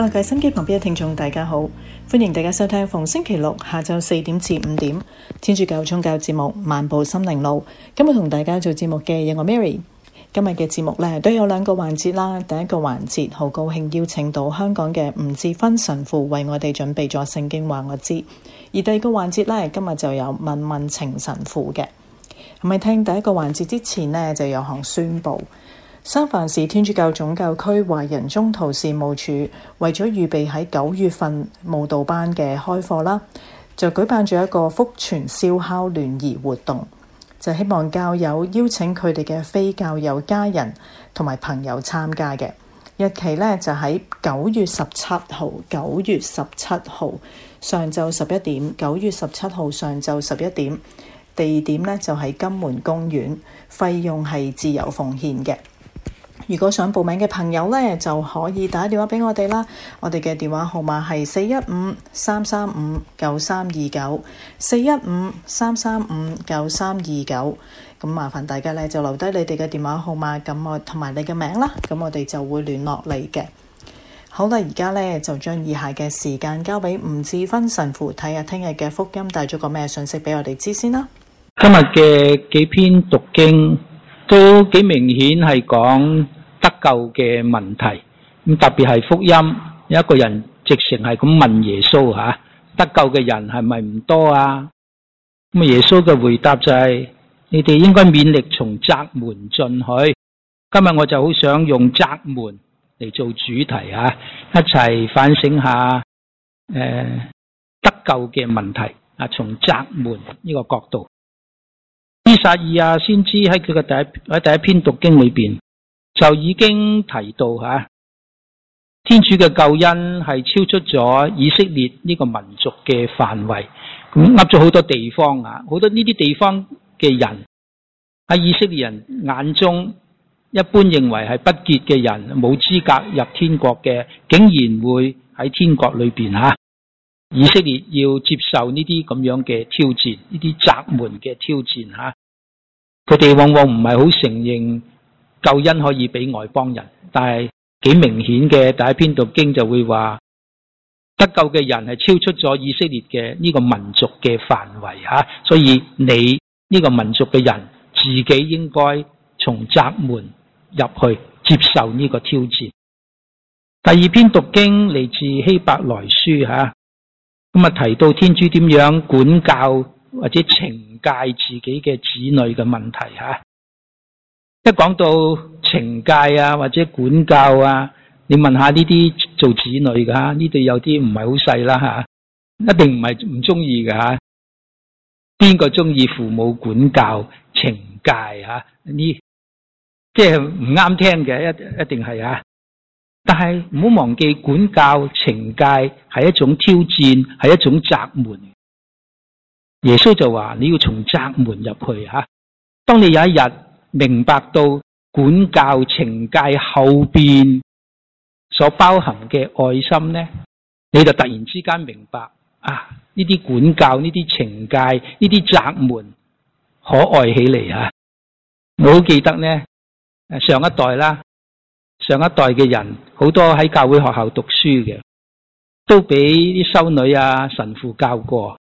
Hello, 各位新機旁邊嘅聽眾，大家好，歡迎大家收聽逢星期六下晝四點至五點天主教宗教節目《漫步心靈路》。今日同大家做節目嘅有我 Mary。今日嘅節目咧，都有兩個環節啦。第一個環節好高興邀請到香港嘅吳智勳神父為我哋準備咗聖經話我知。而第二個環節咧，今日就有問問情神父嘅。係咪聽第一個環節之前呢，就有項宣布？三藩市天主教總教區華人中途事務處為咗預備喺九月份慕道班嘅開課啦，就舉辦咗一個福傳燒烤聯誼活動，就希望教友邀請佢哋嘅非教友家人同埋朋友參加嘅日期呢就喺九月十七號，九月十七號上晝十一點，九月十七號上晝十一點地點呢就喺金門公園，費用係自由奉獻嘅。如果想報名嘅朋友呢，就可以打電話俾我哋啦。我哋嘅電話號碼係四一五三三五九三二九四一五三三五九三二九。咁麻煩大家呢，就留低你哋嘅電話號碼，咁我同埋你嘅名啦。咁我哋就會聯絡你嘅。好啦，而家呢，就將以下嘅時間交俾吳志芬神父睇下，聽日嘅福音帶咗個咩信息俾我哋知先啦。今日嘅幾篇讀經。都幾明顯係講得救嘅問題，咁特別係福音，有一個人直情係咁問耶穌吓，得救嘅人係咪唔多啊？咁耶穌嘅回答就係，你哋應該勉力從窄門進去。今日我就好想用窄門嚟做主題吓，一齊反省下，誒得救嘅問題啊，從窄門呢個角度。依撒意亞，先知喺佢嘅第一喺第一篇，第一篇讀經裏邊就已經提到吓，天主嘅救恩係超出咗以色列呢個民族嘅範圍，咁 encompass 好多地方啊，好多呢啲地方嘅人喺以色列人眼中一般認為係不潔嘅人，冇資格入天國嘅，竟然會喺天國裏邊吓，以色列要接受呢啲咁樣嘅挑戰，呢啲窄門嘅挑戰吓。佢哋往往唔係好承認救恩可以俾外邦人，但係幾明顯嘅。第一篇讀經就會話得救嘅人係超出咗以色列嘅呢個民族嘅範圍吓，所以你呢個民族嘅人自己應該從窄門入去接受呢個挑戰。第二篇讀經嚟自希伯來書吓，咁啊提到天主點樣管教。或者懲戒自己嘅子女嘅問題吓，一講到懲戒啊，或者管教啊，你問下呢啲做子女嘅吓，呢度有啲唔係好細啦吓，一定唔係唔中意嘅吓，邊個中意父母管教懲戒吓呢？即係唔啱聽嘅一一定係啊，但係唔好忘記管教懲戒係一種挑戰，係一種窄門。耶穌就話：你要從窄門入去吓。當你有一日明白到管教懲戒後邊所包含嘅愛心呢，你就突然之間明白啊！呢啲管教、呢啲懲戒、呢啲窄門可愛起嚟吓。我好記得呢，上一代啦，上一代嘅人好多喺教會學校讀書嘅，都俾啲修女啊、神父教過。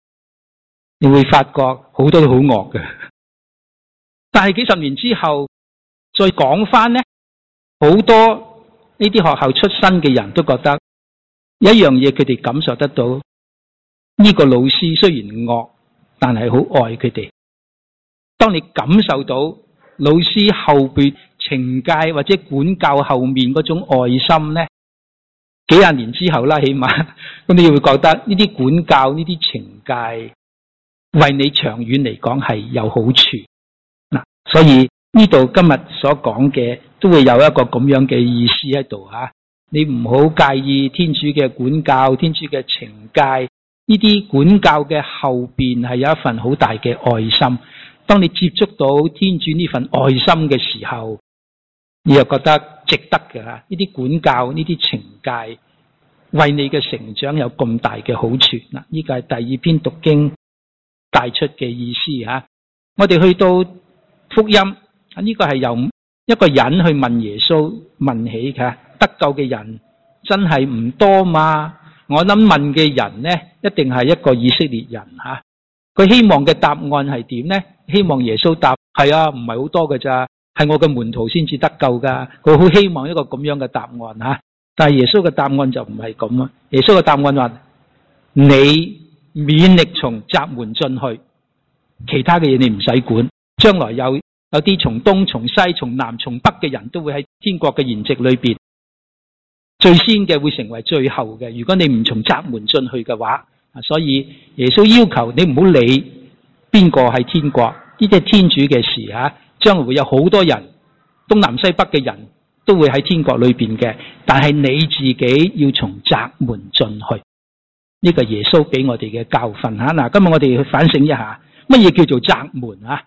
你會發覺好多都好惡嘅，但係幾十年之後再講翻咧，好多呢啲學校出身嘅人都覺得一樣嘢，佢哋感受得到呢個老師雖然惡，但係好愛佢哋。當你感受到老師後邊懲戒或者管教後面嗰種愛心咧，幾廿年之後啦，起碼咁你會覺得呢啲管教、呢啲懲戒。為你長遠嚟講係有好處嗱，所以呢度今日所講嘅都會有一個咁樣嘅意思喺度吓，你唔好介意天主嘅管教，天主嘅懲戒。呢啲管教嘅後邊係有一份好大嘅愛心。當你接觸到天主呢份愛心嘅時候，你又覺得值得嘅啦。呢啲管教，呢啲懲戒，為你嘅成長有咁大嘅好處嗱。呢個係第二篇讀經。帶出嘅意思吓，我哋去到福音啊，呢個係由一個人去問耶穌問起嘅，得救嘅人真係唔多嘛？我諗問嘅人呢，一定係一個以色列人吓，佢希望嘅答案係點呢？希望耶穌答係啊，唔係好多㗎咋，係我嘅門徒先至得救噶，佢好希望一個咁樣嘅答案吓，但係耶穌嘅答案就唔係咁啊，耶穌嘅答案話你。勉力從窄門進去，其他嘅嘢你唔使管。將來有有啲從東、從西、從南、從北嘅人都會喺天國嘅筵席裏邊，最先嘅會成為最後嘅。如果你唔從窄門進去嘅話，所以耶穌要求你唔好理邊個係天國，呢啲係天主嘅事吓。將來會有好多人，東南西北嘅人都會喺天國裏邊嘅，但係你自己要從窄門進去。呢個耶穌俾我哋嘅教訓吓，嗱，今日我哋去反省一下，乜嘢叫做窄門啊？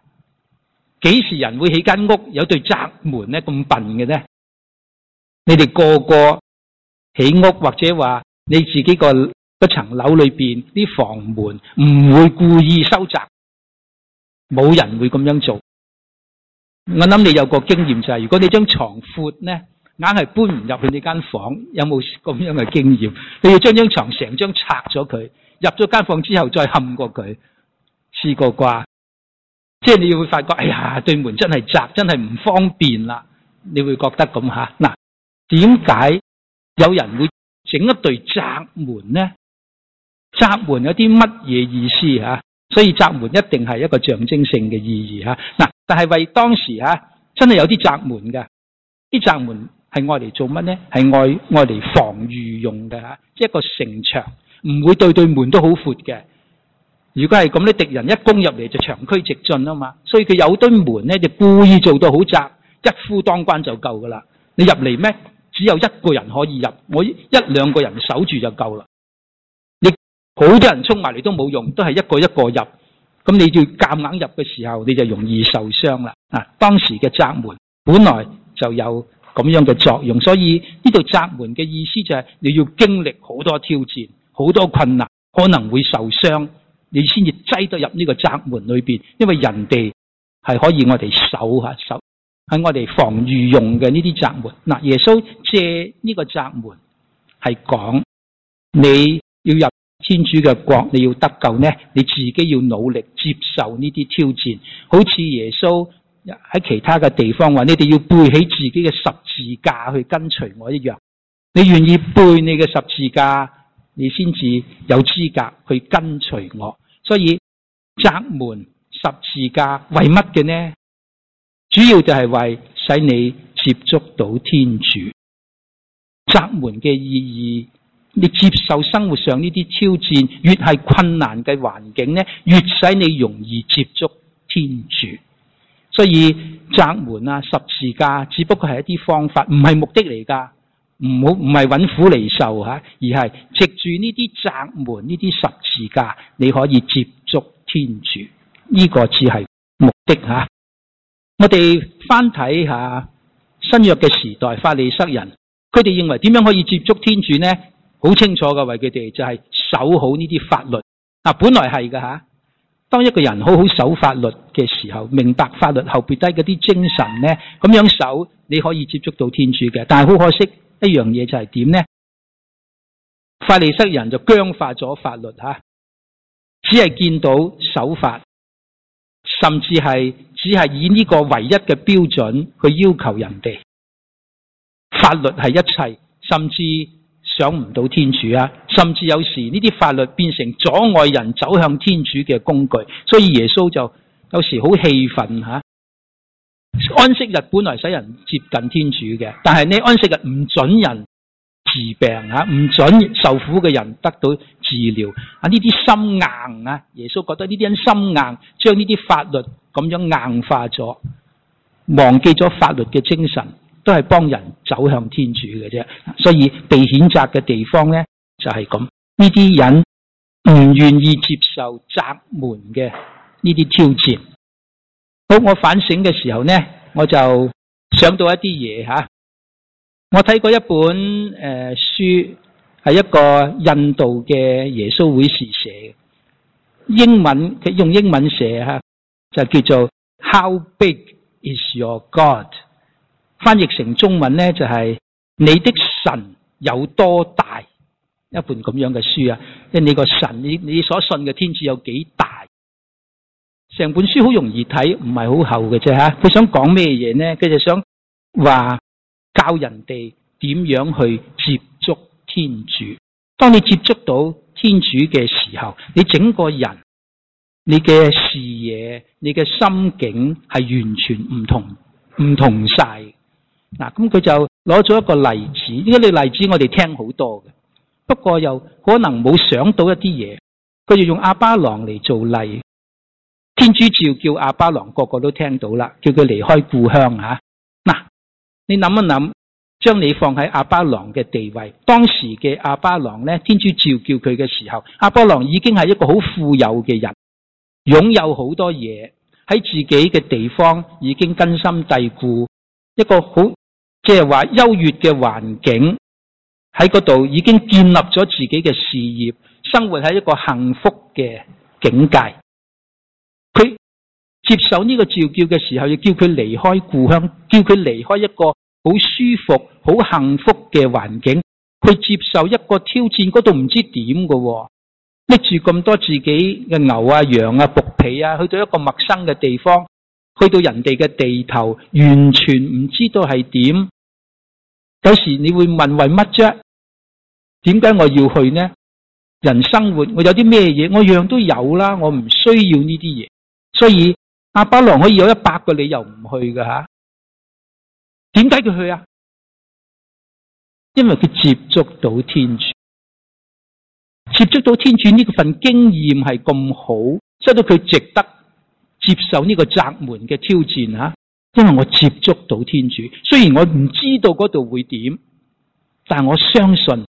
幾時人會起間屋有對窄門咧？咁笨嘅咧？你哋個個起屋或者話你自己個層樓裏邊啲房門唔會故意收窄，冇人會咁樣做。我諗你有個經驗就係，如果你張床闊咧。硬係搬唔入去呢間房，有冇咁樣嘅經驗？你要將張床成張拆咗佢，入咗間房之後再冚過佢，試過啩？即係你會發覺，哎呀，對門真係窄，真係唔方便啦。你會覺得咁吓嗱，點解有人會整一對窄門呢？窄門有啲乜嘢意思吓？所以窄門一定係一個象徵性嘅意義吓。嗱，但係為當時吓，真係有啲窄門嘅，啲窄門。係愛嚟做乜呢？係愛愛嚟防禦用嘅。一個城牆唔會對對門都好闊嘅。如果係咁咧，敵人一攻入嚟就長驅直進啊嘛。所以佢有堆門呢，就故意做到好窄，一夫當關就夠噶啦。你入嚟咩？只有一個人可以入，我一兩個人守住就夠啦。你好多人衝埋嚟都冇用，都係一個一個入。咁你要夾硬入嘅時候，你就容易受傷啦。啊，當時嘅窄門本來就有咁樣嘅作用，所以呢度窄門嘅意思就係你要經歷好多挑戰、好多困難，可能會受傷，你先至擠得入呢個窄門裏邊。因為人哋係可以我哋守下守喺我哋防禦用嘅呢啲窄門。嗱，耶穌借呢個窄門係講你要入天主嘅國，你要得救呢，你自己要努力接受呢啲挑戰，好似耶穌。喺其他嘅地方話，你哋要背起自己嘅十字架去跟隨我一樣。你願意背你嘅十字架，你先至有資格去跟隨我。所以窄門十字架為乜嘅呢？主要就係為使你接觸到天主窄門嘅意義。你接受生活上呢啲挑戰，越係困難嘅環境呢，越使你容易接觸天主。所以窄門啊、十字架，只不過係一啲方法，唔係目的嚟噶。唔好唔係揾苦嚟受嚇，而係藉住呢啲窄門、呢啲十字架，你可以接觸天主。呢個只係目的嚇。我哋翻睇下新約嘅時代，法利塞人，佢哋認為點樣可以接觸天主呢？好清楚噶，為佢哋就係守好呢啲法律。嗱，本來係噶嚇。當一個人好好守法律嘅時候，明白法律後背低嗰啲精神咧，咁樣守你可以接觸到天主嘅。但係好可惜，一樣嘢就係點咧？法利塞人就僵化咗法律吓，只係見到守法，甚至係只係以呢個唯一嘅標準去要求人哋。法律係一切，甚至。想唔到天主啊，甚至有時呢啲法律變成阻礙人走向天主嘅工具，所以耶穌就有時好氣憤吓、啊。安息日本來使人接近天主嘅，但係呢安息日唔准人治病吓、啊，唔准受苦嘅人得到治療啊！呢啲心硬啊，耶穌覺得呢啲人心硬，將呢啲法律咁樣硬化咗，忘記咗法律嘅精神。都係幫人走向天主嘅啫，所以被譴責嘅地方咧就係咁。呢啲人唔願意接受窄門嘅呢啲挑戰。好，我反省嘅時候咧，我就想到一啲嘢吓。我睇過一本誒書，係一個印度嘅耶穌會士寫嘅，英文佢用英文寫吓，就叫做 How big is your God？翻譯成中文咧，就係你的神有多大？一本咁樣嘅書啊，即係你個神，你你所信嘅天主有幾大？成本書好容易睇，唔係好厚嘅啫吓。佢想講咩嘢呢？佢就想話教人哋點樣去接觸天主。當你接觸到天主嘅時候，你整個人、你嘅視野、你嘅心境係完全唔同，唔同晒。嗱，咁佢就攞咗一個例子。依家啲例子我哋聽好多嘅，不過又可能冇想到一啲嘢，佢就用阿巴郎嚟做例，天主召叫阿巴郎，個個都聽到啦，叫佢離開故鄉吓。嗱，啊，你諗一諗，將你放喺阿巴郎嘅地位，當時嘅阿巴郎咧，天主召叫佢嘅時候，阿巴郎已經係一個好富有嘅人，擁有好多嘢，喺自己嘅地方已經根深蒂固，一個好。即係話優越嘅環境喺嗰度已經建立咗自己嘅事業，生活喺一個幸福嘅境界。佢接受呢個召叫嘅時候，要叫佢離開故鄉，叫佢離開一個好舒服、好幸福嘅環境。去接受一個挑戰，嗰度唔知點㗎，拎住咁多自己嘅牛啊、羊啊、僕婢啊，去到一個陌生嘅地方。去到人哋嘅地頭，完全唔知道係點。有時你會問為乜啫？點解我要去呢？人生活我有啲咩嘢？我樣都有啦，我唔需要呢啲嘢。所以阿巴郎可以有一百個理由唔去噶吓。點解佢去啊？因為佢接觸到天主，接觸到天主呢份經驗係咁好，所以佢值得。接受呢個窄門嘅挑戰吓，因為我接觸到天主，雖然我唔知道嗰度會點，但我相信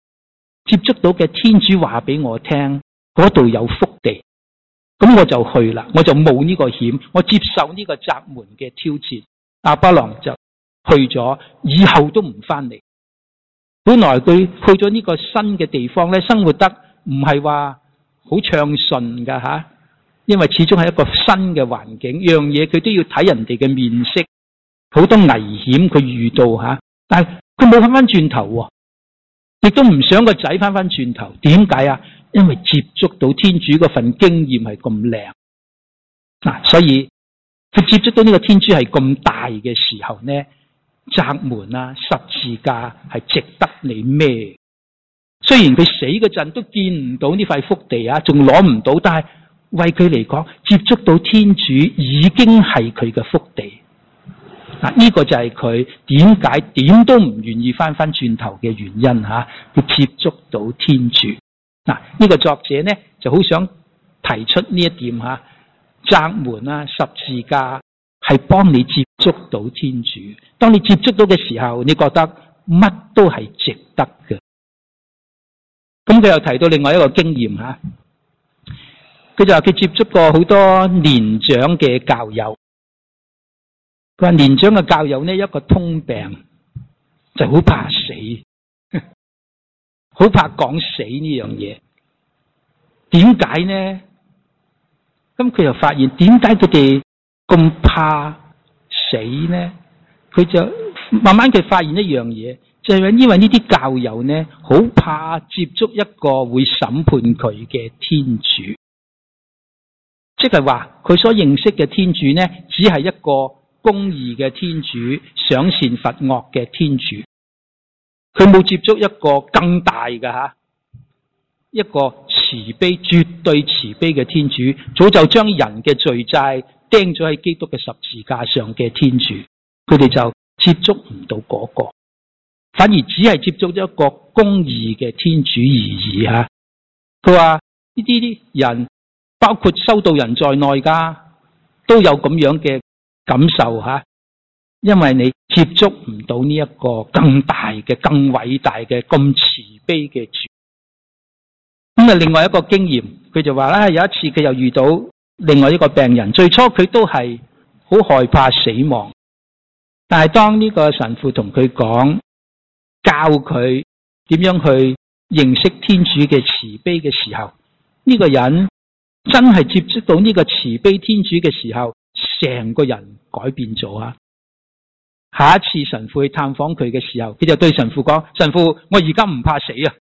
接觸到嘅天主話俾我聽，嗰度有福地，咁我就去啦，我就冒呢個險，我接受呢個窄門嘅挑戰。阿巴郎就去咗，以後都唔翻嚟。本來佢去咗呢個新嘅地方咧，生活得唔係話好暢順噶吓。因為始終係一個新嘅環境，樣嘢佢都要睇人哋嘅面色，好多危險佢遇到吓，但係佢冇翻翻轉頭，亦都唔想個仔翻翻轉頭。點解啊？因為接觸到天主嗰份經驗係咁靚嗱，所以佢接觸到呢個天主係咁大嘅時候呢，窄門啊十字架係值得你孭。雖然佢死嗰陣都見唔到呢塊福地啊，仲攞唔到，但係。為佢嚟講，接觸到天主已經係佢嘅福地。嗱，呢個就係佢點解點都唔願意翻翻轉頭嘅原因吓，佢接觸到天主。嗱，呢個作者呢就好想提出呢一點吓，窄門啊十字架係幫你接觸到天主。當你接觸到嘅時候，你覺得乜都係值得嘅。咁佢又提到另外一個經驗吓。佢就話：佢接觸過好多年長嘅教友，佢話年長嘅教友呢，一個通病就好怕死，好怕講死呢樣嘢。點解呢？咁佢又發現點解佢哋咁怕死呢？佢就慢慢佢發現一樣嘢，就係、是、因為呢啲教友呢，好怕接觸一個會審判佢嘅天主。即係話佢所認識嘅天主呢，只係一個公義嘅天主，賞善罰惡嘅天主。佢冇接觸一個更大嘅吓，一個慈悲、絕對慈悲嘅天主。早就將人嘅罪債釘咗喺基督嘅十字架上嘅天主，佢哋就接觸唔到嗰、那個，反而只係接觸咗一個公義嘅天主而已吓。佢話呢啲啲人。包括收到人在內，噶都有咁樣嘅感受吓，因為你接觸唔到呢一個更大嘅、更偉大嘅、咁慈悲嘅主。咁啊，另外一個經驗，佢就話啦，有一次佢又遇到另外一個病人，最初佢都係好害怕死亡，但係當呢個神父同佢講，教佢點樣去認識天主嘅慈悲嘅時候，呢個人。真係接觸到呢個慈悲天主嘅時候，成個人改變咗啊！下一次神父去探訪佢嘅時候，佢就對神父講：神父，我而家唔怕死啊！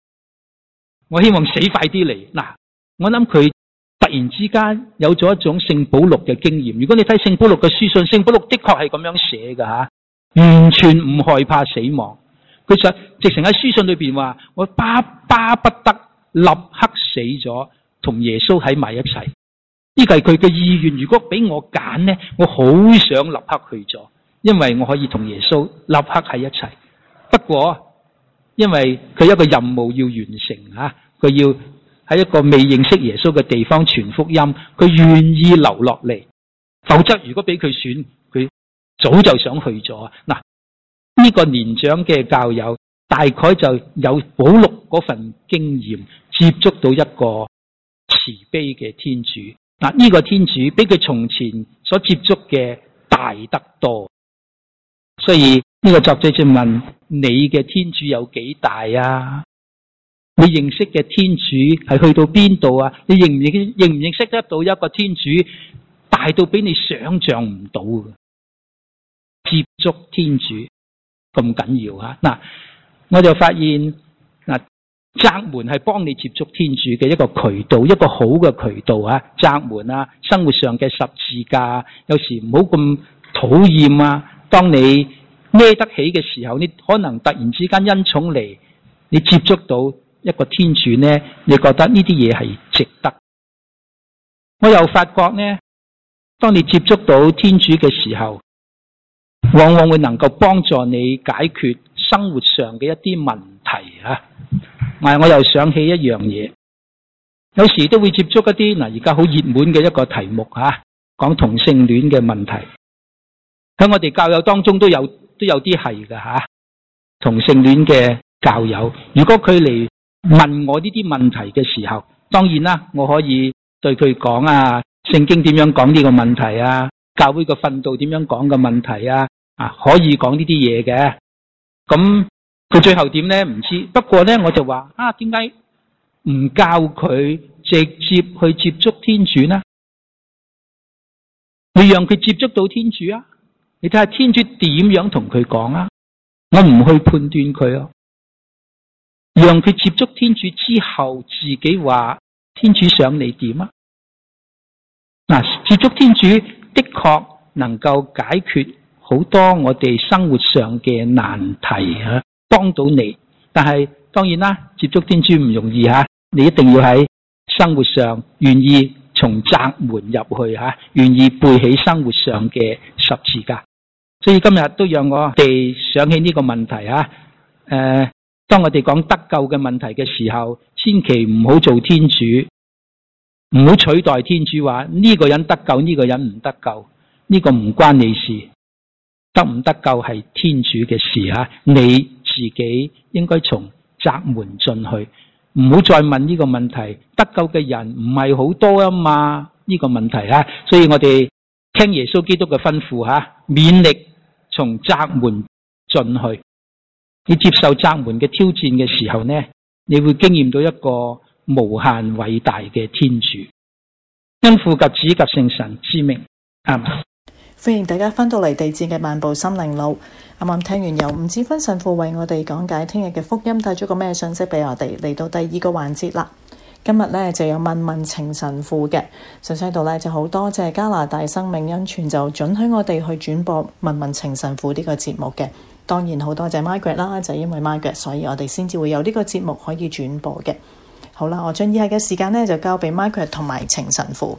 我希望死快啲嚟嗱！我諗佢突然之間有咗一種聖保祿嘅經驗。如果你睇聖保祿嘅書信，聖保祿的確係咁樣寫㗎。吓，完全唔害怕死亡。佢實直情喺書信裏邊話：我巴巴不得立刻死咗。同耶穌喺埋一齊，呢個係佢嘅意願。如果俾我揀呢，我好想立刻去咗，因為我可以同耶穌立刻喺一齊。不過，因為佢一個任務要完成嚇，佢要喺一個未認識耶穌嘅地方傳福音，佢願意留落嚟。否則，如果俾佢選，佢早就想去咗。嗱，呢個年長嘅教友大概就有保祿嗰份經驗，接觸到一個。慈悲嘅天主嗱，呢個天主比佢從前所接觸嘅大得多，所以呢個作者就問，你嘅天主有幾大啊？你認識嘅天主係去到邊度啊？你認唔認？認唔認識得到一個天主大到俾你想象唔到？接觸天主咁緊要吓嗱，我就發現。窄門係幫你接觸天主嘅一個渠道，一個好嘅渠道啊！窄門啊，生活上嘅十字架啊，有時唔好咁討厭啊。當你孭得起嘅時候，你可能突然之間恩寵嚟，你接觸到一個天主呢，你覺得呢啲嘢係值得。我又發覺呢，當你接觸到天主嘅時候，往往會能夠幫助你解決生活上嘅一啲問題啊。嗱，我又想起一樣嘢，有時都會接觸一啲嗱，而家好熱門嘅一個題目嚇、啊，講同性戀嘅問題。喺我哋教友當中都有都有啲係噶嚇，同性戀嘅教友。如果佢嚟問我呢啲問題嘅時候，當然啦，我可以對佢講啊，聖經點樣講呢個問題啊，教會嘅訓導點樣講嘅問題啊，啊，可以講呢啲嘢嘅。咁、啊到最後點咧唔知，不過咧我就話啊，點解唔教佢直接去接觸天主呢？你讓佢接觸到天主啊！你睇下天主點樣同佢講啊？我唔去判斷佢哦。讓佢接觸天主之後，自己話天主想你點啊？嗱，啊，接觸天主的確能夠解決好多我哋生活上嘅難題啊！幫到你，但係當然啦，接觸天主唔容易吓。你一定要喺生活上願意從窄門入去吓，願意背起生活上嘅十字架。所以今日都讓我哋想起呢個問題吓。誒，當我哋講得救嘅問題嘅時候，千祈唔好做天主，唔好取代天主話呢個人得救，呢個人唔得救，呢個唔關你事。得唔得救係天主嘅事吓，你。自己應該從窄門進去，唔好再問呢個問題。得救嘅人唔係好多啊嘛，呢、這個問題啦、啊。所以我哋聽耶穌基督嘅吩咐吓，勉力從窄門進去。你接受窄門嘅挑戰嘅時候呢，你會經驗到一個無限偉大嘅天主，因父及子及聖神之名。阿、啊歡迎大家返到嚟地氈嘅漫步心靈路。啱啱聽完由吳志芬神父為我哋講解聽日嘅福音帶咗個咩信息畀我哋，嚟到第二個環節啦。今日咧就有問問情神父嘅，信息度咧就好多謝加拿大生命恩泉就准許我哋去轉播問問情神父呢個節目嘅。當然好多謝 Margaret 啦，就是、因為 Margaret 所以我哋先至會有呢個節目可以轉播嘅。好啦，我將以下嘅時間咧就交俾 Margaret 同埋情神父。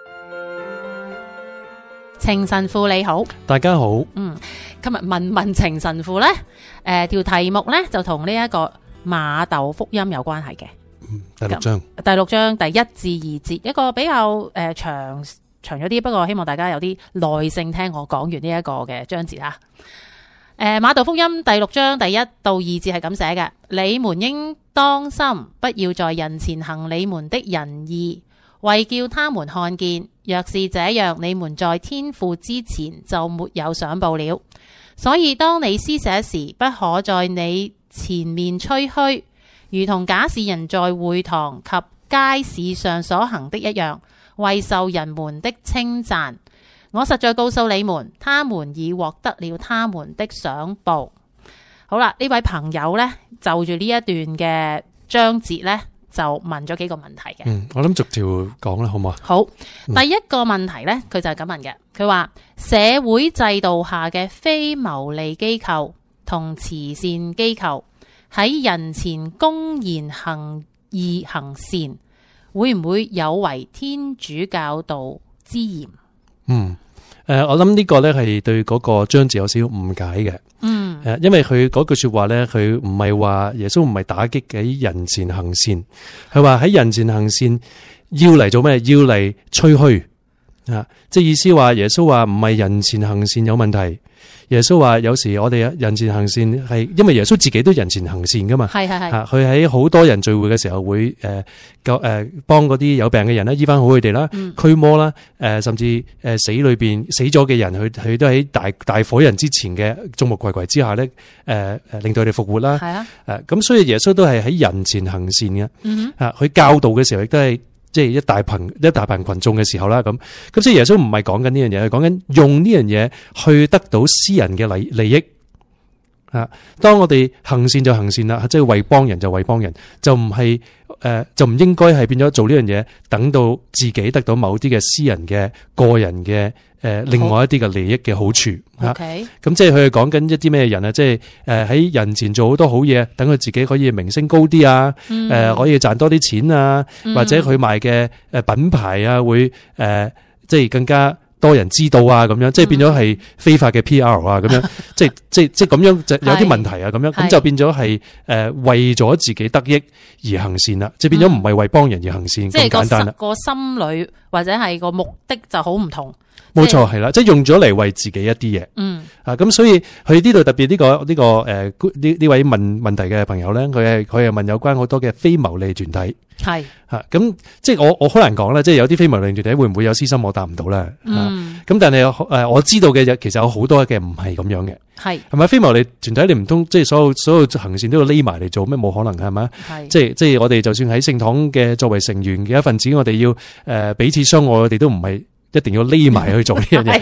情神父你好，大家好。嗯，今日問問情神父呢誒，條、呃、題目呢，就同呢一個瑪竇福音有關係嘅。嗯，第六章，第六章第一至二節，一個比較誒、呃、長長咗啲，不過希望大家有啲耐性聽我講完呢一個嘅章節啊。誒、呃，瑪竇福音第六章第一到二節係咁寫嘅：你們應當心，不要在人前行你們的仁義，為叫他們看見。若是這樣，你們在天父之前就沒有上報了。所以當你施捨時，不可在你前面吹噓，如同假使人在會堂及街市上所行的一樣，為受人們的稱讚。我實在告訴你們，他們已獲得了他們的賞報。好啦，呢位朋友呢，就住呢一段嘅章節呢。就問咗幾個問題嘅，嗯，我諗逐條講啦，好唔好？好，第一個問題呢，佢就係咁問嘅，佢話社會制度下嘅非牟利機構同慈善機構喺人前公然行義行善，會唔會有違天主教道之嫌？嗯。誒，我諗呢個咧係對嗰個章節，有少少誤解嘅。嗯，誒，因為佢嗰句話說話咧，佢唔係話耶穌唔係打擊喺人前行善，佢話喺人前行善要嚟做咩？要嚟吹噓，即係意思話耶穌話唔係人前行善有問題。耶穌話：有時我哋人前行善係，因為耶穌自己都人前行善噶嘛是是是、啊。係係係，佢喺好多人聚會嘅時候會誒救誒幫嗰啲有病嘅人咧，醫翻好佢哋啦，嗯、驅魔啦，誒、呃、甚至誒死裏邊死咗嘅人，佢佢都喺大大火人之前嘅眾目睽睽之下咧，誒、呃、誒令到佢哋復活啦。係是啊，啊，咁所以耶穌都係喺人前行善嘅。嗯、啊、佢教導嘅時候亦都係。即係一大群一大群群眾嘅時候啦，咁咁所以耶穌唔係講緊呢樣嘢，係講緊用呢樣嘢去得到私人嘅利利益。啊！當我哋行善就行善啦，即係為幫人就為幫人，就唔係誒，就唔應該係變咗做呢樣嘢，等到自己得到某啲嘅私人嘅個人嘅誒、呃，另外一啲嘅利益嘅好處。咁即係佢講緊一啲咩人啊？OK。嗯、即係誒喺人前做好多好嘢，等佢自己可以名聲高啲啊，誒、呃、可以賺多啲錢啊，或者佢賣嘅誒品牌啊會誒、呃、即係更加。多人知道啊，咁樣即係變咗係非法嘅 P.R. 啊、嗯，咁樣即係即係即係咁 是樣就有啲問題啊，咁樣咁就變咗係誒為咗自己得益而行善啦，是即係變咗唔係為幫人而行善咁、嗯、簡單啦。即、個個心裏或者係個目的就好唔同。冇錯，係啦，即係的的用咗嚟為自己一啲嘢。嗯，啊，咁所以佢呢度特別呢，呢個呢，呢個誒呢呢位問問題嘅朋友咧，佢係佢係問有關好多嘅非牟利團體。係吓咁，即係我我好難講啦，即係有啲非牟利團體會唔會有私心我，我答唔到啦。咁，啊，但係誒我知道嘅其實有好多嘅唔係咁樣嘅。係係咪非牟利團體？你唔通即係所有所有行善都要匿埋嚟做咩？冇可能係咪？係的即係即係我哋就算喺聖堂嘅作為成員嘅一份子，我哋要誒，呃，彼此相愛，我哋都唔係。一定要匿埋去做呢樣嘢，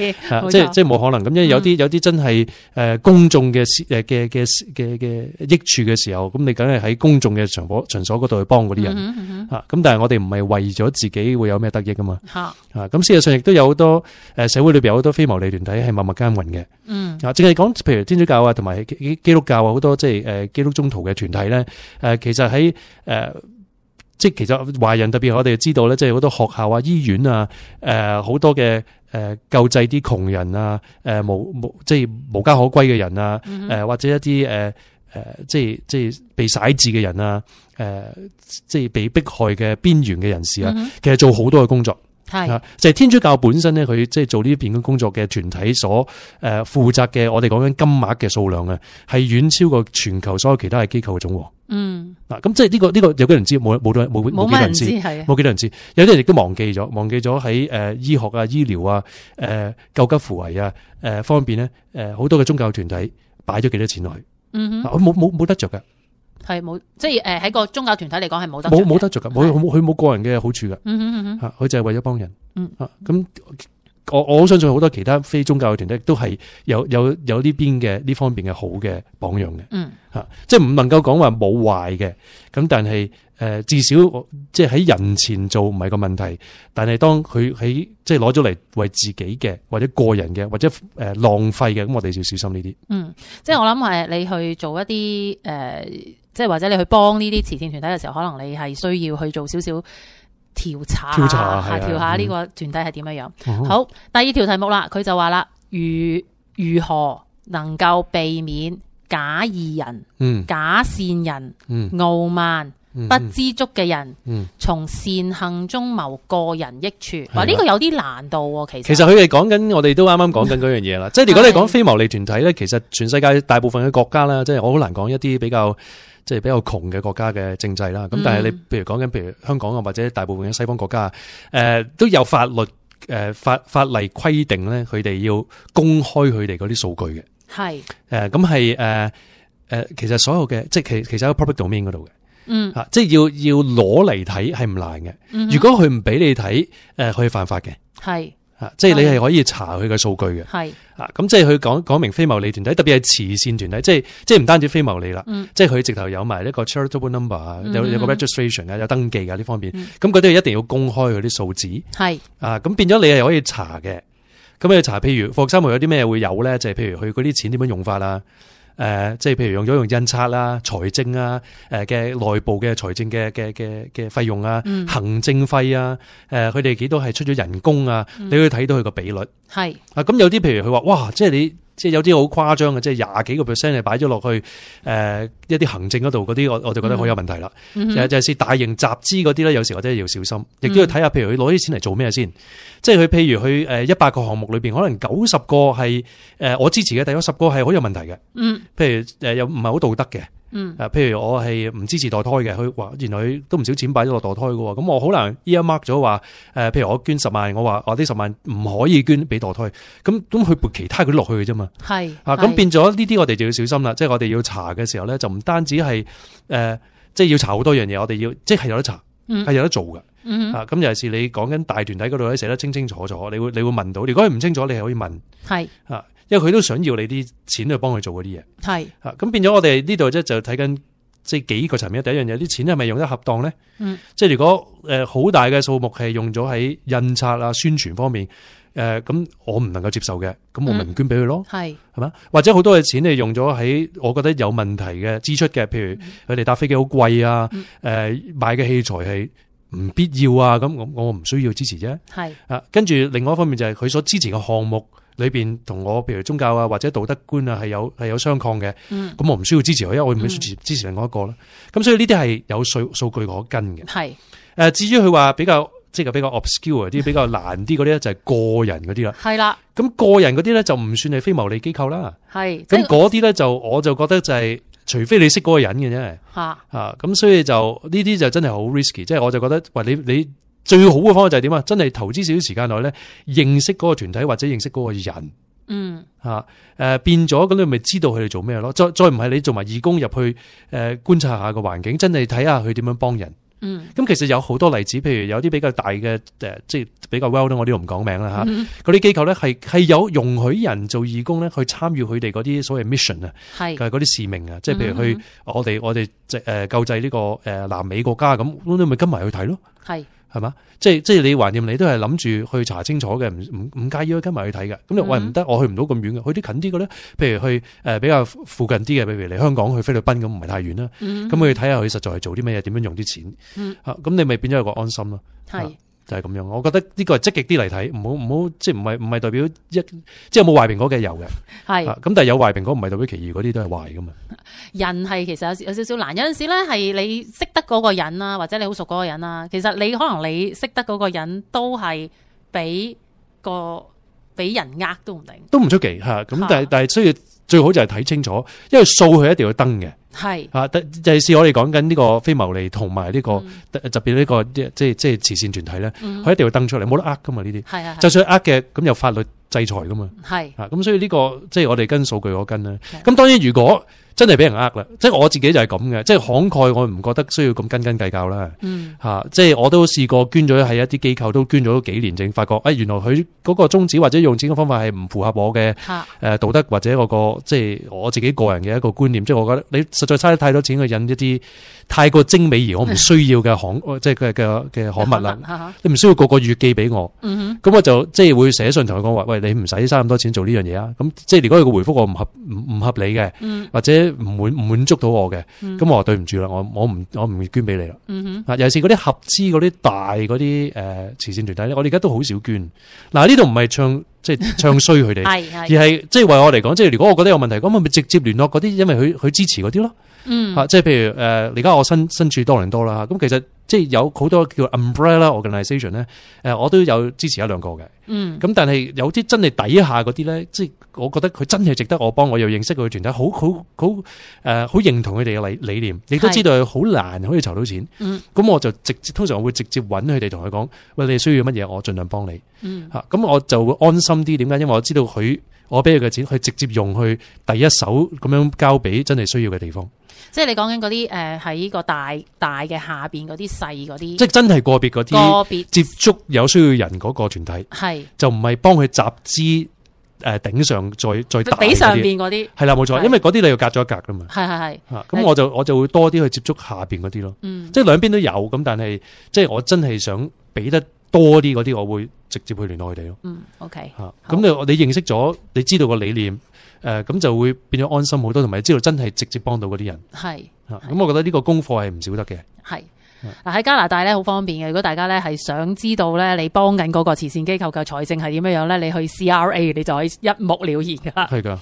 即係即係冇可能。咁因為有啲有啲真係誒公眾嘅誒嘅嘅嘅嘅益處嘅時候，咁你梗係喺公眾嘅場所場所嗰度去幫嗰啲人吓。咁但係我哋唔係為咗自己會有咩得益㗎嘛吓。咁事實上亦都有好多誒社會裏邊有好多非牟利團體係默默耕耘嘅。嗯啊，淨係講譬如天主教啊，同埋基督教啊，好多即係誒基督宗徒嘅團體咧。誒，其實喺誒。即其實華人特別我哋知道咧，即係好多學校啊、醫院啊、誒、呃、好多嘅誒救濟啲窮人啊、誒、呃、無無即係無家可歸嘅人啊、誒、嗯、哼或者一啲誒、呃、即係即係被徙置嘅人啊、誒、呃、即係被迫害嘅邊緣嘅人士啊，嗯、哼其實做好多嘅工作。就係是天主教本身咧，佢即係做呢邊嘅工作嘅團體所誒負責嘅，我哋講緊金額嘅數量啊，係遠超過全球所有其他嘅機構嘅總和。嗯，嗱、這個，咁即係呢個呢個有幾多人知？冇冇冇冇幾多人知？冇幾多人知？的有啲人亦都忘記咗，忘記咗喺誒醫學啊、醫療啊、誒、呃、救急扶危啊、誒方面咧，誒好多嘅宗教團體擺咗幾多錢落去，嗯哼，冇冇冇得着嘅。係冇，即係誒喺個宗教團體嚟講係冇得冇冇得着噶冇佢冇佢冇個人嘅好處噶吓佢就係為咗幫人，吓咁、嗯、我我相信好多其他非宗教嘅團體都係有有有呢邊嘅呢方面嘅好嘅榜樣嘅，吓、嗯、即係唔能夠講話冇壞嘅，咁但係誒、呃、至少即係喺人前做唔係個問題，但係當佢喺即係攞咗嚟為自己嘅或者個人嘅或者誒、呃、浪費嘅，咁我哋就要小心呢啲。嗯，即係我諗係你去做一啲誒。呃即係或者你去幫呢啲慈善團體嘅時候，可能你係需要去做少少調查啊，調查，調查下呢個團體係點樣樣。嗯、好，第二條題目啦，佢就話啦，如如何能夠避免假義人、嗯、假善人、嗯、傲慢？不知足嘅人，從、嗯、善行中謀個人益處，話呢、嗯，呢個有啲難度喎。其實其實佢哋講緊，我哋都啱啱講緊嗰樣嘢啦。嗯、即係如果你講非牟利團體咧，是的 其實全世界大部分嘅國家啦，即係是的 我好難講一啲比較即係、就是、比較窮嘅國家嘅政制啦。咁、嗯、但係你譬如講緊，譬如香港啊，或者大部分嘅西方國家，誒是的、呃、都有法律，誒、呃、法法例規定咧，佢哋要公開佢哋嗰啲數據嘅。係誒咁係誒誒，其實所有嘅即係其其，其實喺 public domain 嗰度嘅。嗯，吓、啊，即係要要攞嚟睇係唔難嘅。嗯、哼如果佢唔俾你睇，誒、呃，係犯法嘅。係是啊，即係你係可以查佢嘅數據嘅。係是啊，咁即係佢講講明非牟利團體，特別係慈善團體，即係即係唔單止非牟利啦。嗯、即係佢直頭有埋、嗯、哼一個 charitable number，有有個 registration 啊，有登記㗎呢方面。咁佢都一定要公開佢啲數字。係是啊，咁變咗你係可以查嘅。咁你查，譬如學生會有啲咩會有咧？就係、是、譬如佢嗰啲錢點樣用法啦誒，即係譬如用咗用印刷啦、財政啊、誒嘅內部嘅財政嘅嘅嘅嘅費用啊、嗯、行政費啊、誒佢哋幾多係出咗人工啊，嗯、你可以睇到佢個比率係啊。咁係、有啲譬如佢話，哇，即係你。即係有啲好誇張嘅，即係廿幾個 percent 係擺咗落去，誒、呃、一啲行政嗰度嗰啲，我我就覺得好有問題啦。就係、mm hmm. 是大型集資嗰啲咧，有時我真係要小心，亦都要睇下，譬如佢攞啲錢嚟做咩先。即係佢譬如佢一百個項目裏面可能九十個係誒我支持嘅，但有十個係好有問題嘅。嗯、mm，hmm. 譬如、呃、又唔係好道德嘅。嗯，誒、啊，譬如我係唔支持墮胎嘅，佢話原來都唔少錢擺落墮胎嘅，咁我好難依一 mark 咗話，誒、啊，譬如我捐十萬，我話我啲十萬唔可以捐俾墮胎，咁咁佢撥其他佢啲落去嘅啫嘛。係啊，咁變咗呢啲我哋就要小心啦，即、就、係、是、我哋要查嘅時候咧，就唔單止係誒，即、啊、係、就是、要查好多樣嘢，我哋要即係、就是、有得查，係、嗯、有得做噶嗯哼，啊，咁尤其是你講緊大團體嗰度咧，寫得清清楚楚，你會你會問到，如果唔清楚，你係可以問。係啊。因為佢都想要你啲錢去幫佢做嗰啲嘢，係，咁變咗我哋呢度就睇緊即係幾個層面。第一樣嘢，啲錢係咪用得恰當咧？嗯，即係如果誒好大嘅數目係用咗喺印刷啊宣傳方面，誒、呃、咁我唔能夠接受嘅，咁我咪唔捐俾佢咯，係，係嘛？或者好多嘅錢係用咗喺我覺得有問題嘅支出嘅，譬如佢哋搭飛機好貴啊，誒、呃、買嘅器材係唔必要啊，咁我我唔需要支持啫，係，啊跟住另外一方面就係佢所支持嘅項目。裏邊同我譬如宗教啊或者道德觀啊係有係有相抗嘅，咁、嗯、我唔需要支持佢，因為我唔會支持支持另外一個啦。咁、嗯、所以呢啲係有數數據可跟嘅。係誒是，至於佢話比較即係比較 obscure 啲，的比較難啲嗰啲咧，就係個人嗰啲啦。係啦的，咁個人嗰啲咧就唔算係非牟利機構啦。係咁嗰啲咧就我就覺得就係、是，的除非你識嗰個人嘅啫。吓咁的、啊、所以就呢啲就真係好 risky，即係我就覺得喂你你。你最好嘅方法就係點啊？真係投資少少時間內咧，認識嗰個團體或者認識嗰個人，嗯，嗯誒變咗咁你咪知道佢哋做咩咯？再再唔係你做埋義工入去，誒，觀察一下個環境，真係睇下佢點樣幫人，嗯，咁其實有好多例子，譬如有啲比較大嘅，誒、呃、即係比較 well 我呢度唔講名啦吓，嗰啲機構咧係係有容許人做義工咧去參與佢哋嗰啲所謂 mission 啊，係，嗰啲使命啊，即係譬如去我哋、嗯、我哋誒救濟呢個誒南美國家咁，咁你咪跟埋去睇咯，係。係嘛？即係即係，你橫掂你都係諗住去查清楚嘅，唔唔唔介意跟埋去睇嘅。咁你話唔得，嗯、我去唔到咁遠嘅，去啲近啲嘅咧。譬如去誒、呃、比較附近啲嘅，譬如嚟香港去菲律賓咁，唔係太遠啦。咁、嗯、我去睇下佢實在係做啲咩嘢，點樣用啲錢。嗯、啊，咁你咪變咗有個安心咯。係。就係咁樣，我覺得呢個係積極啲嚟睇，唔好唔好，即係唔係唔係代表一，即係有冇壞蘋果嘅，有嘅，係，咁但係有壞蘋果唔係代表其餘嗰啲都係壞嘅嘛。人係其實有有少少難，有陣時咧係你識得嗰個人啊，或者你好熟嗰個人啊，其實你可能你識得嗰個人都係俾個俾人呃都唔定，都唔出奇吓。咁但係但係需要最好就係睇清楚，因為數佢一定要登嘅。係是啊，第就係似我哋講緊呢個非牟利同埋呢個特別呢、這個、嗯、即係即係慈善團體咧，佢、嗯、一定要登出嚟，冇得呃噶嘛呢啲。係啊，是是是就算呃嘅，咁有法律制裁噶嘛。係是啊，咁所以呢、這個即係我哋跟數據嗰跟啦。咁的當然如果。真係俾人呃啦，即係我自己就係咁嘅，即係慷慨，我唔覺得需要咁斤斤計較啦。即係、嗯、我都試過捐咗，喺一啲機構都捐咗幾年，正發覺，誒原來佢嗰個宗旨或者用錢嘅方法係唔符合我嘅誒道德或者嗰個，即係我自己個人嘅一個觀念。即係我覺得你實在嘥得太多錢去引一啲。太過精美而我唔需要嘅行，即係嘅嘅嘅刊物啦。你唔需要個個月寄俾我，咁、嗯、哼我就即係會寫信同佢講話，喂，你唔使嘥咁多錢做呢樣嘢啊。咁即係如果佢個回覆我唔合唔唔合理嘅，或者唔滿唔滿足到我嘅，咁、嗯、我話對唔住啦，我我唔我唔會捐俾你啦。嗱、嗯哼，尤其是嗰啲合資嗰啲大嗰啲誒慈善團體咧，我哋而家都好少捐。嗱，呢度唔係唱。即係唱衰佢哋。 係係，而係即係為我嚟講，即係如果我覺得有問題，咁咪咪直接聯絡嗰啲，因為佢佢支持嗰啲咯。嗯，吓，即係譬如誒，而家我身身處多倫多啦，咁其實。即係有好多叫 umbrella organization 咧，誒我都有支持一兩個嘅。嗯，咁但係有啲真係底下嗰啲咧，即係我覺得佢真係值得我幫我，我又認識佢團體，好好好誒，好、呃、認同佢哋嘅理理念，你都是的 知道佢好難可以籌到錢。嗯，咁我就直接，通常我會直接揾佢哋同佢講，喂，你需要乜嘢，我盡量幫你。嗯、啊，咁我就會安心啲，點解？因為我知道佢。我俾佢嘅錢，佢直接用去第一手咁樣交俾真係需要嘅地方。即係你講緊嗰啲誒，喺、呃、個大大嘅下邊嗰啲細嗰啲。即係真係個別嗰啲，個別別接觸有需要人嗰個團體。係是就唔係幫佢集資誒頂上再再大嗰啲。俾上邊嗰啲係啦，冇錯，是因為嗰啲你要隔咗一格噶嘛。係係係。咁、啊、我就我就會多啲去接觸下邊嗰啲咯。嗯，即係兩邊都有咁，但係即係我真係想俾得。多啲嗰啲，我會直接去聯絡佢哋咯。嗯，OK 是。嚇好，咁你你認識咗，你知道個理念，誒、呃，咁就會變咗安心好多，同埋知道真係直接幫到嗰啲人。係。咁我覺得呢個功課係唔少得嘅。係。嗱喺加拿大咧，好方便嘅。如果大家咧係想知道咧，你幫緊嗰個慈善機構嘅財政係點樣樣咧，你去 CRA，你就可以一目了然㗎。係㗎。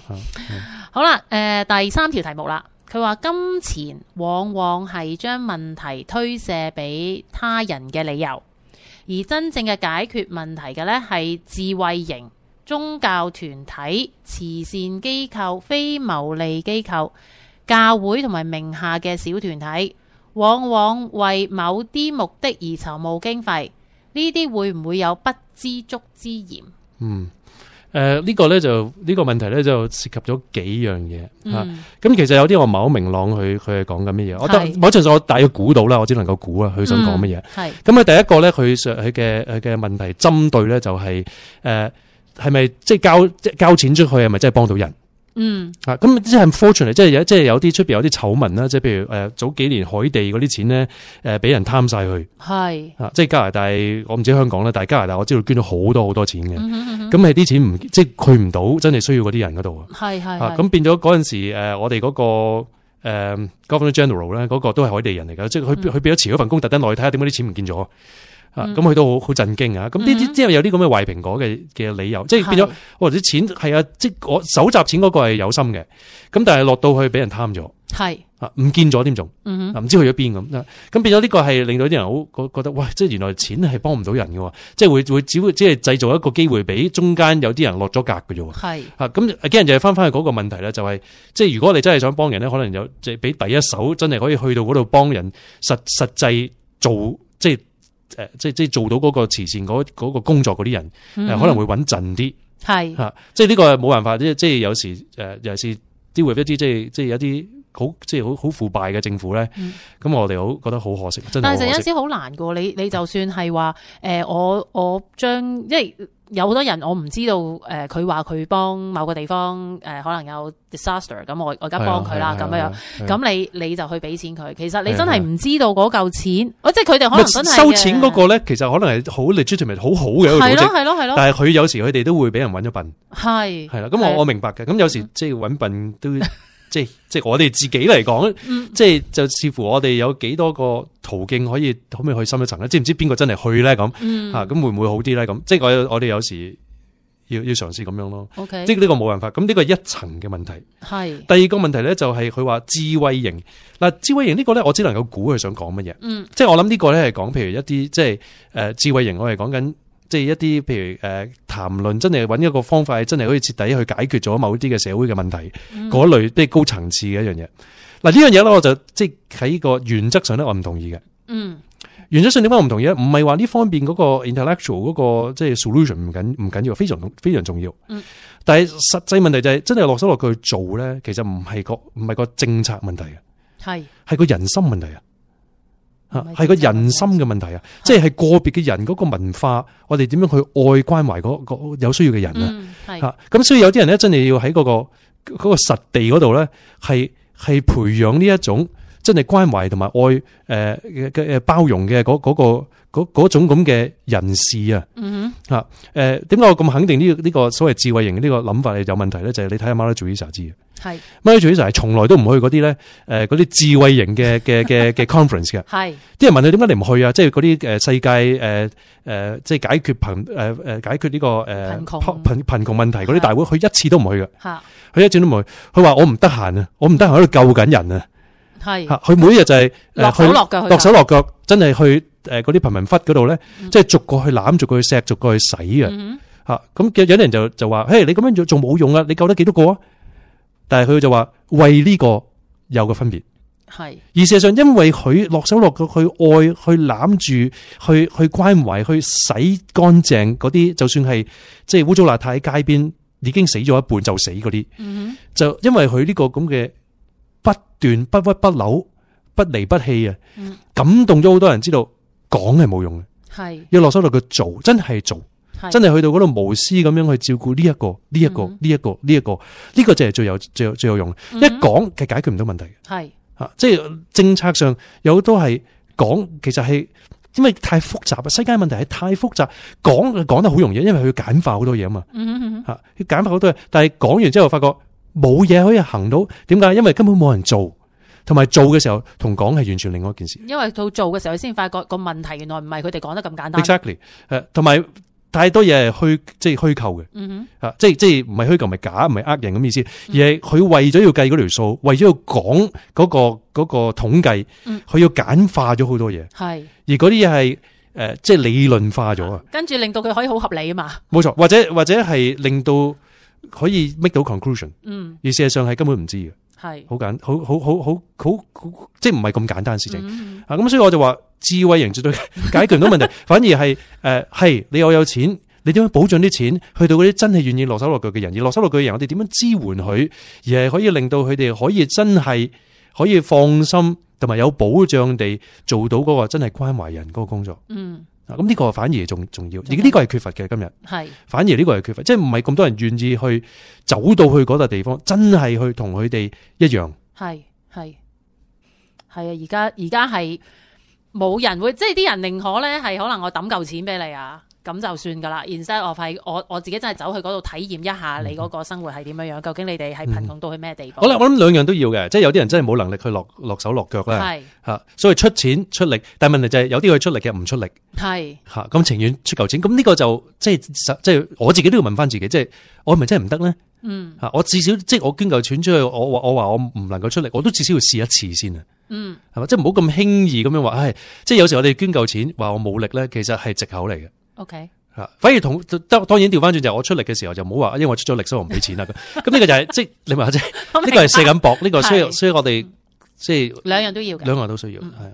好啦，誒、呃，第三條題目啦。佢話：金錢往往係將問題推卸俾他人嘅理由。而真正嘅解決問題嘅呢，係智慧型宗教團體、慈善機構、非牟利機構、教會同埋名下嘅小團體，往往為某啲目的而籌募經費，呢啲會唔會有不知足之嫌？嗯。誒、呃這個、呢個咧就呢、這個問題咧就涉及咗幾樣嘢嚇，咁、嗯啊、其實有啲我唔係好明朗佢佢係講緊乜嘢，我冇錯，嗯、某我大約估到啦，我只能夠估啦，佢想講乜嘢。係咁啊，第一個咧佢想佢嘅佢嘅問題針對咧就係誒係咪即係交即係交錢出去係咪真係幫到人？嗯，嗯啊，咁即係 fortune 嚟，即係有即係有啲出邊有啲醜聞啦，即係譬如誒、呃、早幾年海地嗰啲錢咧，誒、呃、俾人貪晒去，係是，啊即係加拿大，我唔知香港啦，但係加拿大我知道捐咗好多好多錢嘅，咁係啲錢唔即係去唔到，真係需要嗰啲人嗰度啊，係係，啊咁變咗嗰陣時誒我哋嗰、那個誒、呃、Governor General 咧，嗰、那個都係海地人嚟噶，即係佢佢變咗辭咗份工，特登落去睇下點解啲錢唔見咗。咁佢、嗯、都好好震驚啊！咁呢啲即係有啲咁嘅壞蘋果嘅嘅理由，嗯、即係變咗或者錢係啊！即我搜集錢嗰個係有心嘅，咁但係落到去俾人貪咗，係是啊，唔見咗添仲？唔、嗯、知去咗邊咁咁變咗呢個係令到啲人好覺得，喂，即係原來錢係幫唔到人嘅，即係會會只會即係製造一個機會俾中間有啲人落咗格嘅啫。係是啊！咁啲人就返返去嗰個問題咧，就係、是、即係如果你真係想幫人咧，可能有即係俾第一手真係可以去到嗰度幫人實實際做、嗯、即係。誒、呃，即即係做到嗰個慈善嗰嗰個工作嗰啲人，嗯、可能會穩陣啲，係吓是、啊，即係呢個係冇辦法，即即係有時誒、呃，尤其是啲會一啲即係即係有啲好即係好好腐敗嘅政府咧，咁、嗯、我哋好覺得好可惜，真係可惜，但係有陣時好難過，你你就算係話誒，我我將即係。有好多人，我唔知道，誒，佢話佢幫某個地方，誒，可能有 disaster，咁我我而家幫佢啦，咁樣，咁你你就去俾錢佢，其實你真係唔知道嗰嚿錢，即係佢哋可能真係收錢嗰個咧，其實可能係好 legitimate，好好嘅一個組織，係咯係咯係咯，但係佢有時佢哋都會俾人搵咗笨，係係啦，咁我我明白嘅，咁有時即係搵笨都。即即我哋自己嚟講，嗯、即就似乎我哋有幾多個途徑可以可唔可以去深一層咧？即知唔知邊個真係去咧？咁吓咁會唔會好啲咧？咁即我我哋有時要要嘗試咁樣咯。Okay 即呢個冇辦法。咁呢個係一層嘅問題係。是第二個問題咧，就係佢話智慧型嗱、啊、智慧型呢個咧，我只能夠估佢想講乜嘢。嗯，即我諗呢個咧係講譬如一啲即誒智慧型，我係講緊。即係一啲譬如誒談論，真係揾一個方法，真係可以徹底去解決咗某啲嘅社會嘅問題，嗰、嗯、類即係高層次嘅一樣嘢。嗱，呢樣嘢咧，我就即係喺個原則上咧，我唔同意嘅。嗯，原則上點解我唔同意咧？唔係話呢方面嗰個 intellectual 嗰個即係 solution 唔緊唔緊，緊要，非常非常重要。嗯，但係實際問題就係、是、真係落手落腳去做咧，其實唔係個唔係個政策問題係，係係個人心問題啊。吓係個人心嘅問題啊，係嘅即係個別嘅人嗰個文化，我哋點樣去愛關懷嗰個有需要嘅人啊？吓咁、嗯、所以有啲人咧、那個，真係要喺嗰個嗰個實地嗰度咧，係係培養呢一種。真係關懷同埋愛誒嘅嘅包容嘅嗰嗰個嗰嗰種咁嘅人士啊吓誒，點解、嗯哼呃、我咁肯定呢、這個？呢、這個所謂智慧型呢個諗法係有問題咧？就係、是、你睇下 Malaysia 知嘅，Malaysia 係從來都唔去嗰啲咧誒，嗰、呃、啲智慧型嘅嘅嘅嘅 conference 嘅，係啲人問佢點解你唔去啊？即係嗰啲誒世界誒誒，即、呃、係解決貧誒誒解決呢、這個誒貧窮貧窮問題嗰啲大會，佢是一次都唔去嘅，吓佢是一次都唔去。佢話我唔得閒啊，我唔得閒喺度救緊人啊。嗯係，佢是每日就係、是、落手落腳是，真係去誒嗰啲貧民窟嗰度咧，即係、嗯、逐個去攬住，逐個去錫，逐個去洗嘅。吓、嗯哼，咁有啲人就就話，嘿，你咁樣做冇用啊！你救得幾多個啊？但係佢就話為呢個有個分別，係是。而事實上，因為佢落手落腳去愛，去攬住，去去關懷，去洗乾淨嗰啲，就算係即係污糟邋遢喺街邊已經死咗一半就死嗰啲，嗯、哼就因為佢呢個咁嘅。不斷不屈不朽不離不棄啊！感動咗好多人，知道講係冇用嘅，要落手落腳做，真係做，真係去到嗰度無私咁樣去照顧呢一個呢一個呢一個呢一個呢個就係最有最有最有用嘅。一講其實解決唔到問題嘅，係啊，即係政策上有好多係講，其實係因為太複雜啊，世界問題係太複雜，講講得好容易，因為佢要簡化好多嘢啊嘛，吓，要簡化好多嘢，但係講完之後發覺。冇嘢可以行到，點解？因為根本冇人做，同埋做嘅時候同講係完全另外一件事。因為到做嘅時候，先發覺個問題，原來唔係佢哋講得咁簡單。Exactly，誒、啊，同埋太多嘢係虛，即係虛構嘅。嗯哼，即係即係唔係虛構，唔係假，唔係呃人咁意思，而係佢為咗要計嗰條數，為咗要講嗰個嗰個統計，佢、mm hmm. 要簡化咗好多嘢。係、mm，hmm. 而嗰啲嘢係誒，即、呃、係、即係、理論化咗啊。跟住令到佢可以好合理啊嘛。冇錯，或者或者係令到。可以 make 到 conclusion，而事實上係根本唔知嘅，係好、嗯、簡，好好好好好好，即係唔係咁簡單嘅事情。啊、嗯，咁所以我就話，智慧型絕對解決唔到問題， 反而係誒係你我有錢，你點樣保障啲錢去到嗰啲真係願意落手落腳嘅人，而落手落腳嘅人，我哋點樣支援佢，而係可以令到佢哋可以真係可以放心同埋有保障地做到嗰個真係關懷人嗰個工作。嗯。咁呢個反而仲重要，而呢個係缺乏嘅今日。係，反而呢個係缺乏，即係唔係咁多人願意去走到去嗰笪地方，真係去同佢哋一樣。係係係啊！而家而家係冇人會，即係啲人寧可咧，係可能我抌夠錢俾你啊。咁就算噶啦，然後我係我自己真係走去嗰度體驗一下你嗰個生活係點樣，嗯、究竟你哋係貧窮到去咩地步？好啦我諗兩樣都要嘅，即係有啲人真係冇能力去落落手落腳啦。係嚇，所以出錢出力，但問題就係有啲佢出力嘅唔出力。係嚇，咁情願出嚿錢，咁呢個就即係即係我自己都要問翻自己，即係我係咪真係唔得咧？嗯嚇，我至少即係我捐嚿錢出去，我我我話我唔能夠出力，我都至少要試一次先啊。嗯，係嘛，即係唔好咁輕易咁樣話，唉，即係有時我哋捐嚿錢話我冇力咧，其實係藉口嚟嘅。O K，吓反而同當然調翻轉就係我出力嘅時候就唔好話，因為我出咗力，所以我唔俾錢啦咁。呢 個就係、是、即你話，即呢個係四緊薄，呢、這個需要需要 的我哋即係兩樣都要，兩樣都需要係、嗯、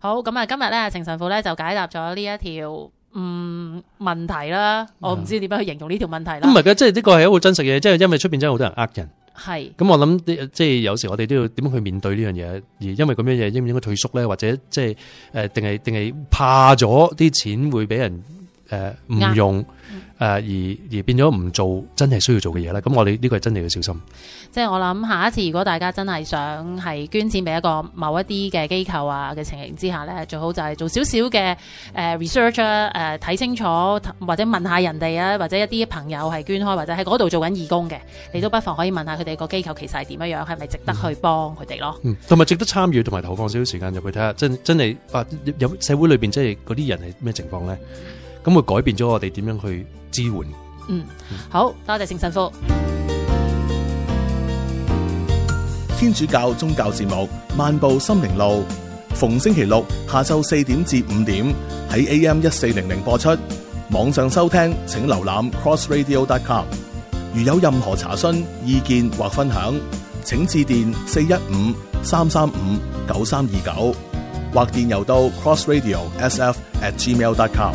好，咁啊今日咧，程神父咧就解答咗呢一條嗯問題啦。嗯、我唔知點樣去形容呢條問題啦。唔係、嗯嗯、即係呢個係一個真實嘢，即係因為出邊真係好多人呃人。係的。咁我諗，即係有時我哋都要點樣去面對呢樣嘢，而因為咁樣嘢應唔應該退縮咧，或者即係誒定係定係怕咗啲錢會俾人。誒，唔、呃、用誒、嗯呃，而而變咗唔做，真係需要做嘅嘢啦。咁我哋呢個係真係要小心。即係我諗下一次，如果大家真係想係捐錢俾一個某一啲嘅機構啊嘅情形之下咧，最好就係做少少嘅誒 research 誒、啊，睇、呃、清楚或者問下人哋啊，或者一啲朋友係捐開或者喺嗰度做緊義工嘅，你都不妨可以問下佢哋個機構其實係點樣樣，係咪值得去幫佢哋咯？同埋、嗯嗯、值得參與，同埋投放少少時間入去睇下，真真係、啊、有社會裏邊即係嗰啲人係咩情況咧？咁會改變咗我哋點樣去支援？嗯，好多謝聖神父。天主教宗教節目《漫步心靈路》，逢星期六下晝四點至五點喺 AM 一四零零播出。網上收聽，請瀏覽 crossradio.com。如有任何查詢、意見或分享，請致電四一五三三五九三二九，或電郵到 crossradiosf@gmail.com。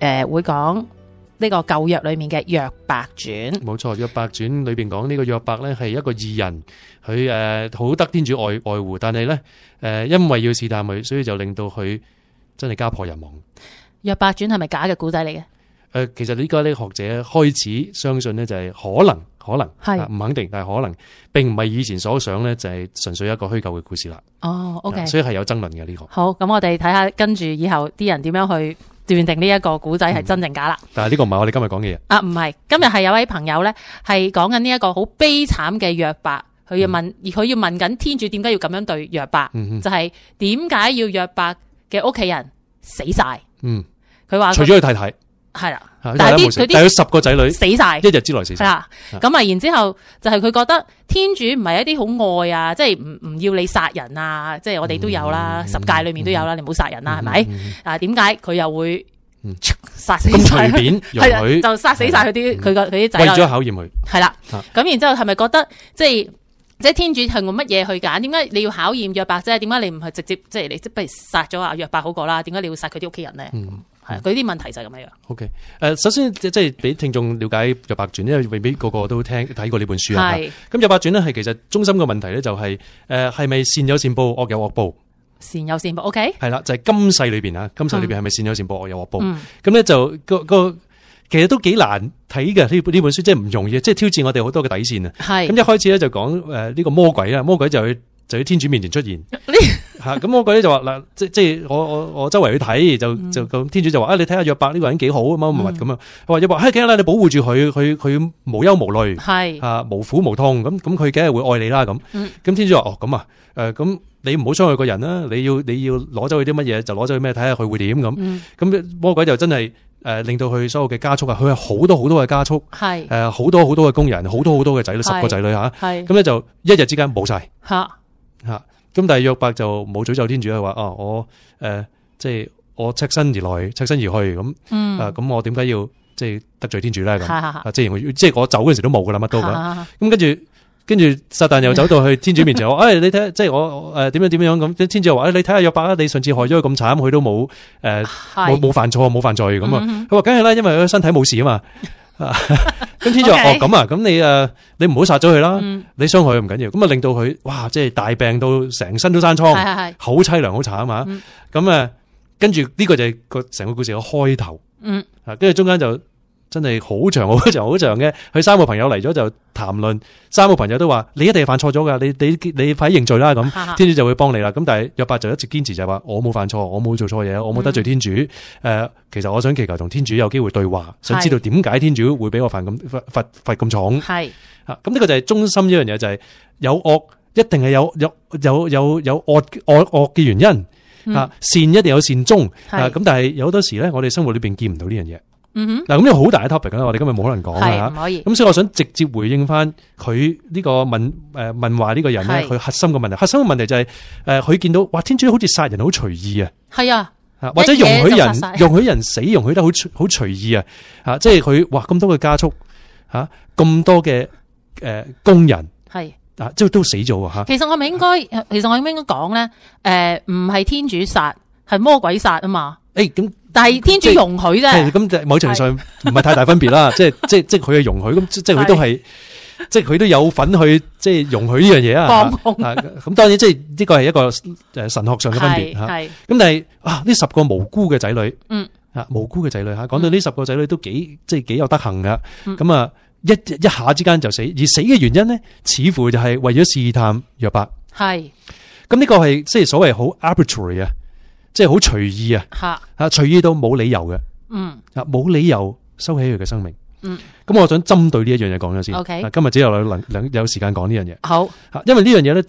誒，會講呢個舊約裏面嘅約伯傳，冇錯。約伯傳裏邊講呢個約伯咧，係一個義人，佢誒好得天主愛愛護，但係咧，誒因為要試探佢，所以就令到佢真係家破人亡。約伯傳係咪假嘅古仔嚟嘅？誒、呃，其實呢家個學者開始相信咧，就係可能，可能係唔是、啊、肯定，但係可能，並唔係以前所想咧，就係純粹一個虛構嘅故事啦。哦，OK，、啊、所以係有爭論嘅呢、這個。好，咁我哋睇下跟住以後啲人點樣去。斷定呢一個古仔係真定假啦、嗯，但係呢個唔係我哋今日講嘅嘢啊，唔係今日係有位朋友咧，係講緊呢一個好悲慘嘅約伯，佢要問，佢、嗯、要問緊天主點解要咁樣對約伯，嗯、哼就係點解要約伯嘅屋企人死晒？嗯，佢話除咗去睇睇。係啦，但係啲但係佢十個仔女死晒，一日之內死晒啦。咁啊，然之後就係佢覺得天主唔係一啲好愛啊，即係唔唔要你殺人啊，即係我哋都有啦，十誡裏面都有啦，你唔好殺人啦，係咪？啊，點解佢又會殺死晒佢？就殺死晒佢啲佢啲仔女。為咗考驗佢，係啦。咁然之後係咪覺得即係即係天主係用乜嘢去揀？點解你要考驗約伯啫？點解你唔係直接即係你即不如殺咗阿約伯好過啦？點解你會殺佢啲屋企人咧？係佢啲問題就係咁樣。OK，誒，首先即係俾聽眾了解《約伯傳》，因為未必個個都聽睇過呢本書啊。係。咁《約伯傳》咧係其實中心個問題咧就係誒係咪善有善報，惡有惡報？善有善報，OK。係啦，就係今世裏邊啊，今世裏邊係咪善有善報，惡有惡報？咁咧就個個其實都幾難睇嘅呢本呢本書，即係唔容易，即係挑戰我哋好多嘅底線啊。係。咁一開始咧就講誒呢個魔鬼啦，魔鬼就去。就喺天主面前出現，係咁，魔鬼咧就話嗱，即即我我我周圍去睇，就就咁天主就話啊，你睇下約伯呢個人幾好，乜乜物咁啊，我話約伯，嘿，梗係啦，你保護住佢，佢佢無憂無慮，係啊，無苦無痛，咁咁佢梗係會愛你啦咁，咁天主話哦，咁啊，誒咁你唔好傷害個人啦，你要你要攞走佢啲乜嘢就攞走佢咩，睇下佢會點咁，咁魔鬼就真係誒令到佢所有嘅家畜啊，佢係好多好多嘅家畜，係誒好多好多嘅工人，好多好多嘅仔女，十個仔女嚇，咁咧就一日之間冇晒吓。吓，咁但係約伯就冇詛咒天主，佢話啊我誒、呃，即係我赤身而來，赤身而去，咁、嗯，啊，咁我點解要即係得罪天主咧？咁，是是是即係我，即係我走嗰時都冇噶啦，乜都咁，咁跟住，跟住撒旦又走到去天主面前， 我，哎、我，誒，你睇下，即係我，誒，點樣點樣咁，天主又話、哎，你睇下約伯，你上次害咗佢咁慘，佢都冇，誒、呃，冇冇是是 犯錯，冇犯罪，咁啊，佢話梗係啦，因為佢身體冇事啊嘛。跟天主話，哦咁啊，咁你誒，你唔好殺咗佢啦，嗯、你傷害佢唔緊要，咁啊令到佢哇，即係大病到成身都生瘡，係係係好淒涼，好慘啊嘛！咁啊、嗯，跟住呢個就係個成個故事嘅開頭，嗯，啊，跟住中間就。真係好長，好長，好長嘅。佢三個朋友嚟咗就談論，三個朋友都話：你一定係犯錯咗噶，你你你快認罪啦咁，天主就會幫你啦。咁但係約伯就一直堅持就係話：我冇犯錯，我冇做錯嘢，我冇得罪天主。誒、嗯呃，其實我想祈求同天主有機會對話，想知道點解天主會俾我犯咁罰罰咁重。係咁呢個就係忠心呢樣嘢，就係、是、有惡一定係有有有有有惡惡嘅原因、啊、善一定有善終咁、啊、但係有好多時咧，我哋生活裏邊見唔到呢樣嘢。嗯哼，嗱咁又好大嘅 topic 我哋今日冇可能講嘅吓，唔可以。咁所以我想直接回應翻佢呢個問誒問話呢個人咧，佢是核心嘅問題，核心嘅問題就係誒，佢見到哇，天主好似殺人好隨意啊，係啊，或者容許人,殺殺人容許人死，容許得好好隨意啊，吓，即係佢哇咁多嘅家畜吓，咁多嘅誒工人係，啊，即係、啊呃是啊、都死咗吓、啊。其實我咪應該，其實我應唔應該講咧？誒，唔係天主殺，係魔鬼殺啊嘛。誒、欸，咁。但係天主容許啫，咁，某程度上唔係太大分別啦是。即係是 即係是 即係佢係容許，咁即係佢都係，即係佢都有份去，即係容許呢樣嘢啊。咁、啊、當然即係呢個係一個誒神學上嘅分別吓。咁是是、啊，但係啊呢十個無辜嘅仔女，嗯無辜嘅仔女吓。講、啊、到呢十個仔女都幾即係、嗯、幾有德行噶。咁啊一一下之間就死，而死嘅原因呢，似乎就係為咗試探約伯。係咁呢個係即係所謂好 arbitrary 啊。即係好隨意啊！嚇嚇是的 隨意到冇理由嘅，嗯啊冇理由收起佢嘅生命，嗯咁我想針對呢一樣嘢講咗先。OK，< 好的 S 1> 今日只有兩兩有時間講呢樣嘢。好嚇 的，因為呢樣嘢咧。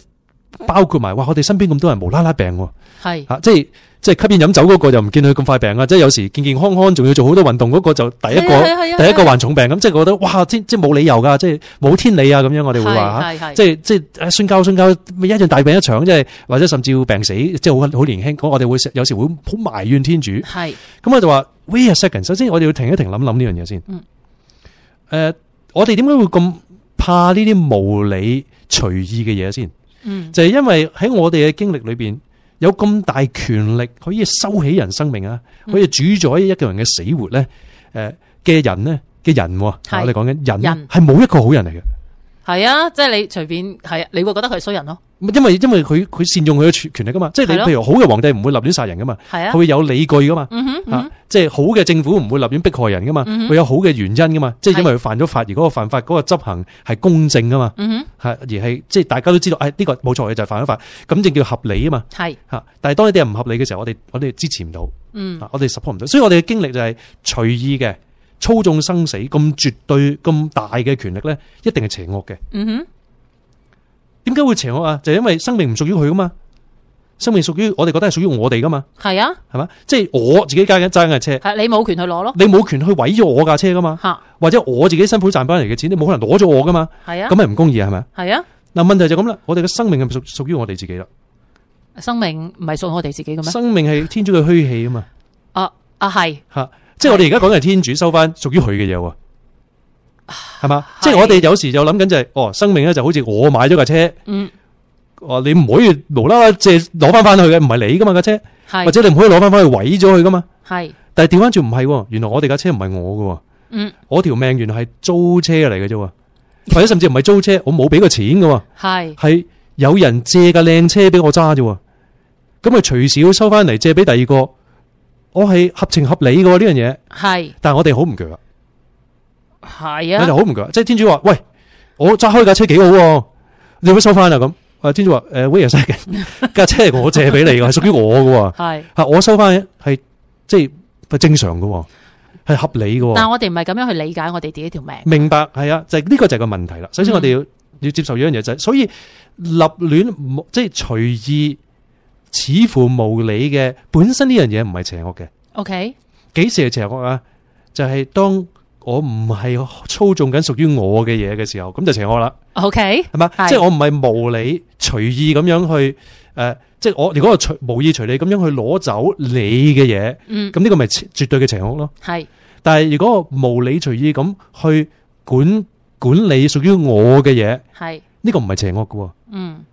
包括埋，哇！我哋身邊咁多人無啦啦病、啊，係吓是、啊，即係即係吸煙飲酒嗰個就唔見佢咁快病啊！即係有時健健康康，仲要做好多運動嗰、那個就第一個第一個患重病咁，即係覺得哇，即係冇理由噶、啊，即係冇天理啊！咁樣我哋會話即係即係信教信教，一樣大病一場，即係或者甚至會病死，即係好好年輕，我哋會有時會好埋怨天主。係咁的我就話 wait a second，首先我哋要停一停諗諗呢樣嘢先。誒、嗯呃，我哋點解會咁怕呢啲無理隨意嘅嘢先？嗯，就係因為喺我哋嘅經歷裏邊，有咁大權力可以收起人生命啊，可以主宰一個人嘅死活咧，誒嘅人咧嘅人，人是我哋講緊人係冇一個好人嚟嘅。係啊，即係你隨便係，你會覺得佢係衰人咯。因為因為佢佢善用佢嘅權力㗎嘛，即係你是的 譬如好嘅皇帝唔會立亂殺人㗎嘛，係啊，佢會有理據㗎嘛，即係好嘅政府唔會立亂迫害人㗎嘛，會有好嘅原因㗎嘛，即係因為佢犯咗法，而嗰個犯法嗰個執行係公正㗎嘛，嗯、哼而係即係大家都知道，哎呢、這個冇錯嘅就係、是、犯咗法，咁正叫合理啊嘛，係吓是，但係當你啲人唔合理嘅時候，我哋我哋支持唔到，嗯，我哋 support 唔到，所以我哋嘅經歷就係隨意嘅。操縱生死咁絕對咁大嘅權力咧，一定係邪惡嘅。嗯哼，點解會邪惡啊？就係、是、因為生命唔屬於佢啊嘛，生命屬於我哋，覺得係屬於我哋噶嘛。係啊，係嘛，即、就、係、是、我自己架嘅，揸緊架車。係、啊、你冇權去攞咯，你冇權去毀咗我架車噶嘛。吓、啊，或者我自己辛苦賺翻嚟嘅錢，你冇可能攞咗我噶嘛。係啊，咁係唔公義啊，係咪？係啊，嗱，問題就咁啦。我哋嘅生命係屬屬於我哋自己啦。生命唔係屬我哋自己嘅咩？生命係天主嘅虛氣啊嘛。啊啊係吓。即係我哋而家講嘅係天主收翻屬於佢嘅嘢喎，係嘛？是即係我哋有時就諗緊就係、是，哦，生命咧就好似我買咗架車，哦、嗯，你唔可以無啦啦借攞翻翻去嘅，唔係你噶嘛架車，是或者你唔可以攞翻翻去毀咗佢噶嘛。係是，但係調翻轉唔係，原來我哋架車唔係我噶，嗯、我條命原來係租車嚟嘅啫，或者甚至唔係租車，我冇俾個錢噶，係、嗯，係是有人借架靚車俾我揸啫，咁佢隨時要收翻嚟借俾第二個。我係合情合理嘅呢樣嘢，係是，但係我哋好唔鋸啊，係啊，我哋好唔鋸即係天主話，喂，我揸開架車幾好，啊，你要唔要收翻啊？咁，啊天主話，誒 William Sir，架車係我借俾你嘅，係屬於我嘅，係是，我收翻係即係正常嘅，係合理嘅。但係我哋唔係咁樣去理解我哋自己條命，啊。明白，係啊，就係、是、呢、這個就係個問題啦。首先我哋要、嗯、要接受一樣嘢就係、是，所以立亂即係隨意。似乎無理嘅本身呢樣嘢唔係邪惡嘅，OK？幾時係邪惡啊？就係、是、當我唔係操縱緊屬於我嘅嘢嘅時候，咁就邪惡啦，OK？係嘛、呃？即係我唔係無理隨意咁樣去誒，即係我如果我無意隨意咁樣去攞走你嘅嘢，咁呢、嗯、個咪絕對嘅邪惡咯？係是。但係如果我無理隨意咁去管管理屬於我嘅嘢，係呢是個唔係邪惡嘅，嗯。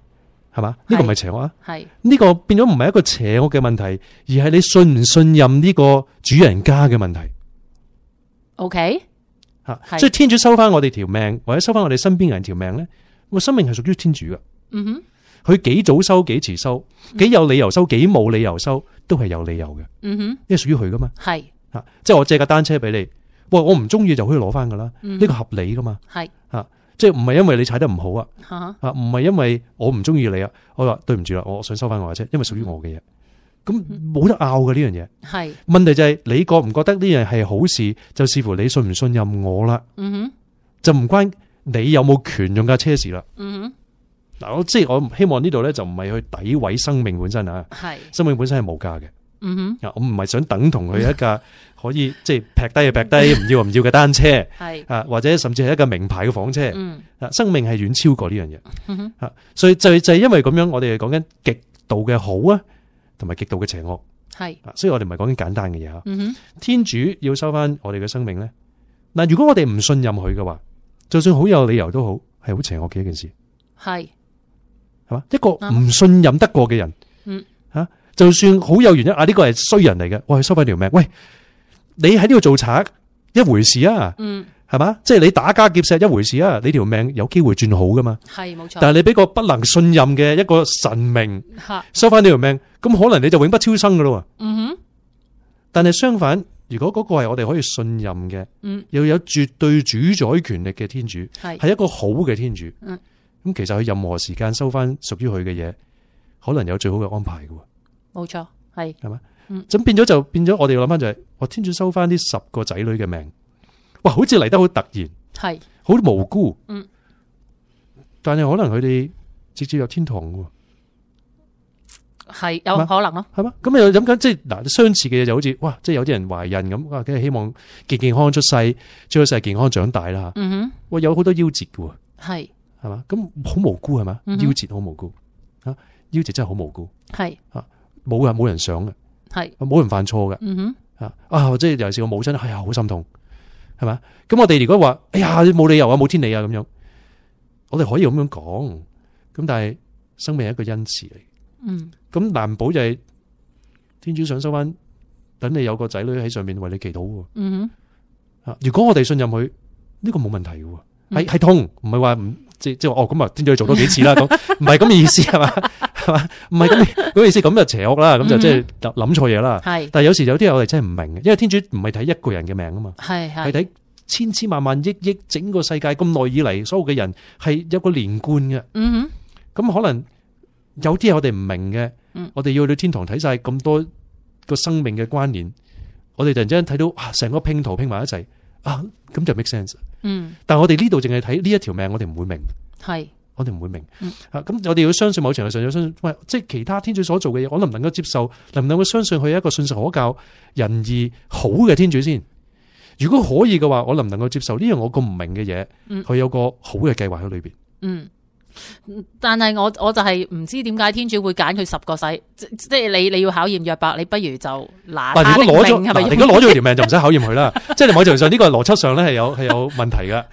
係嘛？呢個唔係邪惡啊！係呢個變咗唔係一個邪惡嘅問題，而係你信唔信任呢個主人家嘅問題。O K，吓，所以天主收翻我哋條命，或者收翻我哋身邊人條命咧，我生命係屬於天主噶。嗯哼，佢幾早收幾遲收，幾有理由收，幾冇、嗯、理由收，都係有理由嘅。嗯哼，呢係屬於佢噶嘛？係吓，即係我借架單車俾你，喂，我唔中意就可以攞翻噶啦。呢個、嗯、合理噶嘛？係吓。即係唔係因為你踩得唔好啊？啊，唔係因為我唔中意你啊！我話對唔住啦，我想收翻我架車，因為屬於我嘅嘢，咁冇得拗嘅呢樣嘢。係、嗯、問題就係你覺唔覺得呢樣係好事？就視乎你信唔信任我啦。嗯哼，就唔關你有冇權用架車事啦。嗯哼，嗱，我即係我希望呢度咧就唔係去詆毀生命本身啊。係生命本身係無價嘅。嗯哼，我唔係想等同佢一架可以即係劈低就劈低，唔、嗯、哼要就唔要嘅單車，係啊是，或者甚至係一架名牌嘅房車，嗯，生命係遠超過呢樣嘢，嗯、哼所以就就係因為咁樣，我哋講緊極度嘅好啊，同埋極度嘅邪惡，係是所以我哋唔係講緊簡單嘅嘢吓，嗯、哼天主要收翻我哋嘅生命咧，嗱，如果我哋唔信任佢嘅話，就算好有理由都好，係好邪惡嘅一件事，係係嘛，一個唔信任得過嘅人，嗯。就算好有原因啊，呢個係衰人嚟嘅，我係收翻條命。喂，你喺呢度做賊一回事啊，嗯，係嘛，即係你打家劫舍一回事啊，你條命有機會轉好噶嘛？係冇錯。但係你俾個不能信任嘅一個神明哈收翻你條命，咁可能你就永不超生噶喇。嗯哼。但係相反，如果嗰個係我哋可以信任嘅，嗯，又有絕對主宰權力嘅天主，係是一個好嘅天主。嗯，咁其實佢任何時間收翻屬於佢嘅嘢，可能有最好嘅安排噶。冇錯，係係嘛，嗎嗯，咁變咗就變咗。我哋要諗翻就係，我天主收翻呢十個仔女嘅命，哇，好似嚟得好突然，係好是無辜，嗯，但係可能佢哋直接有天堂嘅，係有可能咯，係嘛，咁又諗緊，即係嗱，相似嘅嘢就好似哇，即係有啲人懷孕咁，哇，梗係希望健健康康出世，最好健康長大啦，嗯哼，哇，有好多夭折嘅，係係嘛，咁好無辜係嘛，夭折好無辜啊，夭折真係好無辜，係、嗯、哼啊。冇人冇人想嘅，係冇人犯錯嘅，嗯哼，啊啊，即係尤其是個母親，係啊，好心痛，係咪？咁我哋如果話哎呀，冇理由啊，冇天理啊咁樣，我哋可以咁樣講，咁但係生命係一個恩賜嚟，嗯，咁難保就係天主想收翻，等你有個仔女喺上面為你祈禱，嗯哼，啊，如果我哋信任佢，呢個冇問題嘅，係，係痛唔係話唔。即即話哦咁啊，天主做多幾次啦，咁唔係咁嘅意思係嘛，係嘛，唔係咁嘅意思，咁就邪惡啦，咁就即係諗錯嘢啦。係，但係有時有啲嘢我哋真係唔明嘅，因為天主唔係睇一個人嘅命啊嘛，係係，係睇千千萬萬億億整個世界咁耐以嚟所有嘅人係有個連貫嘅，嗯哼，咁可能有啲嘢我哋唔明嘅，嗯，我哋要去到天堂睇晒咁多個生命嘅關聯，我哋突然之間睇到哇，成個拼圖拼埋一齊。啊，咁就 make sense。嗯，但係我哋呢度淨係睇呢一條命，我哋唔會明。係是，我哋唔會明。嗯、啊，咁我哋要相信某程度上，要相信喂，即係其他天主所做嘅嘢，我能唔能夠接受，能唔能夠相信佢係一個信實可教、仁義好嘅天主先？如果可以嘅話，我能唔能夠接受呢樣我咁唔明嘅嘢？佢、嗯、有個好嘅計劃喺裏邊。嗯。但係我我就係唔知點解天主會揀佢十個世。即係你你要考驗約伯，你不如就嗱。佢條命，係咪？如果攞咗條命就唔使考驗佢啦， 即係某程度上呢個邏輯上咧係有係有問題噶。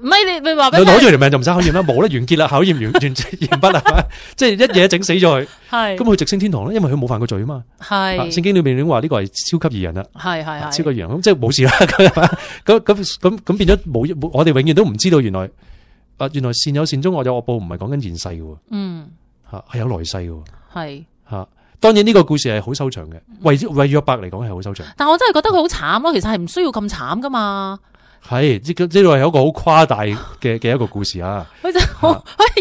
唔係、 呃、你你話佢攞咗條命就唔使考驗啦，冇啦完結啦，考驗完完完畢啦， 即係一嘢整死咗佢。咁佢是直升天堂啦，因為佢冇犯過罪啊嘛。聖是、啊、經裏面話呢個係超級異人啦，係係超級異人，即係冇事啦。咁咁咁咁變咗冇，我哋永遠都唔知道原來。啊！原來善有善終，惡有惡報，唔係講緊現世嘅，嗯，嚇係有來世嘅，係嚇是。當然呢個故事係好收場嘅，嗯、為為約伯嚟講係好收場。但我真係覺得佢好慘咯，嗯、其實係唔需要咁慘噶嘛。係，呢個呢個係一個好誇大嘅嘅 一個故事很啊。佢就嚇，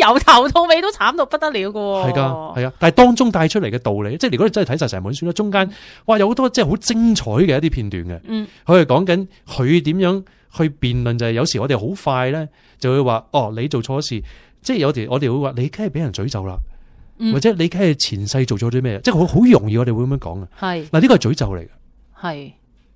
由頭到尾都慘到不得了嘅喎。係噶，係啊。但係當中帶出嚟嘅道理，即係如果你真係睇晒成本書咧，中間哇有好多即係好精彩嘅一啲片段嘅。佢係講緊佢點樣去辯論，就係、是、有時我哋好快咧。就會話哦，你做錯事，即係有時我哋會話你梗係俾人詛咒啦，嗯、或者你梗係前世做咗啲咩？即係好好容易我，我哋會咁樣講嘅。係嗱，呢個係詛咒嚟嘅。係，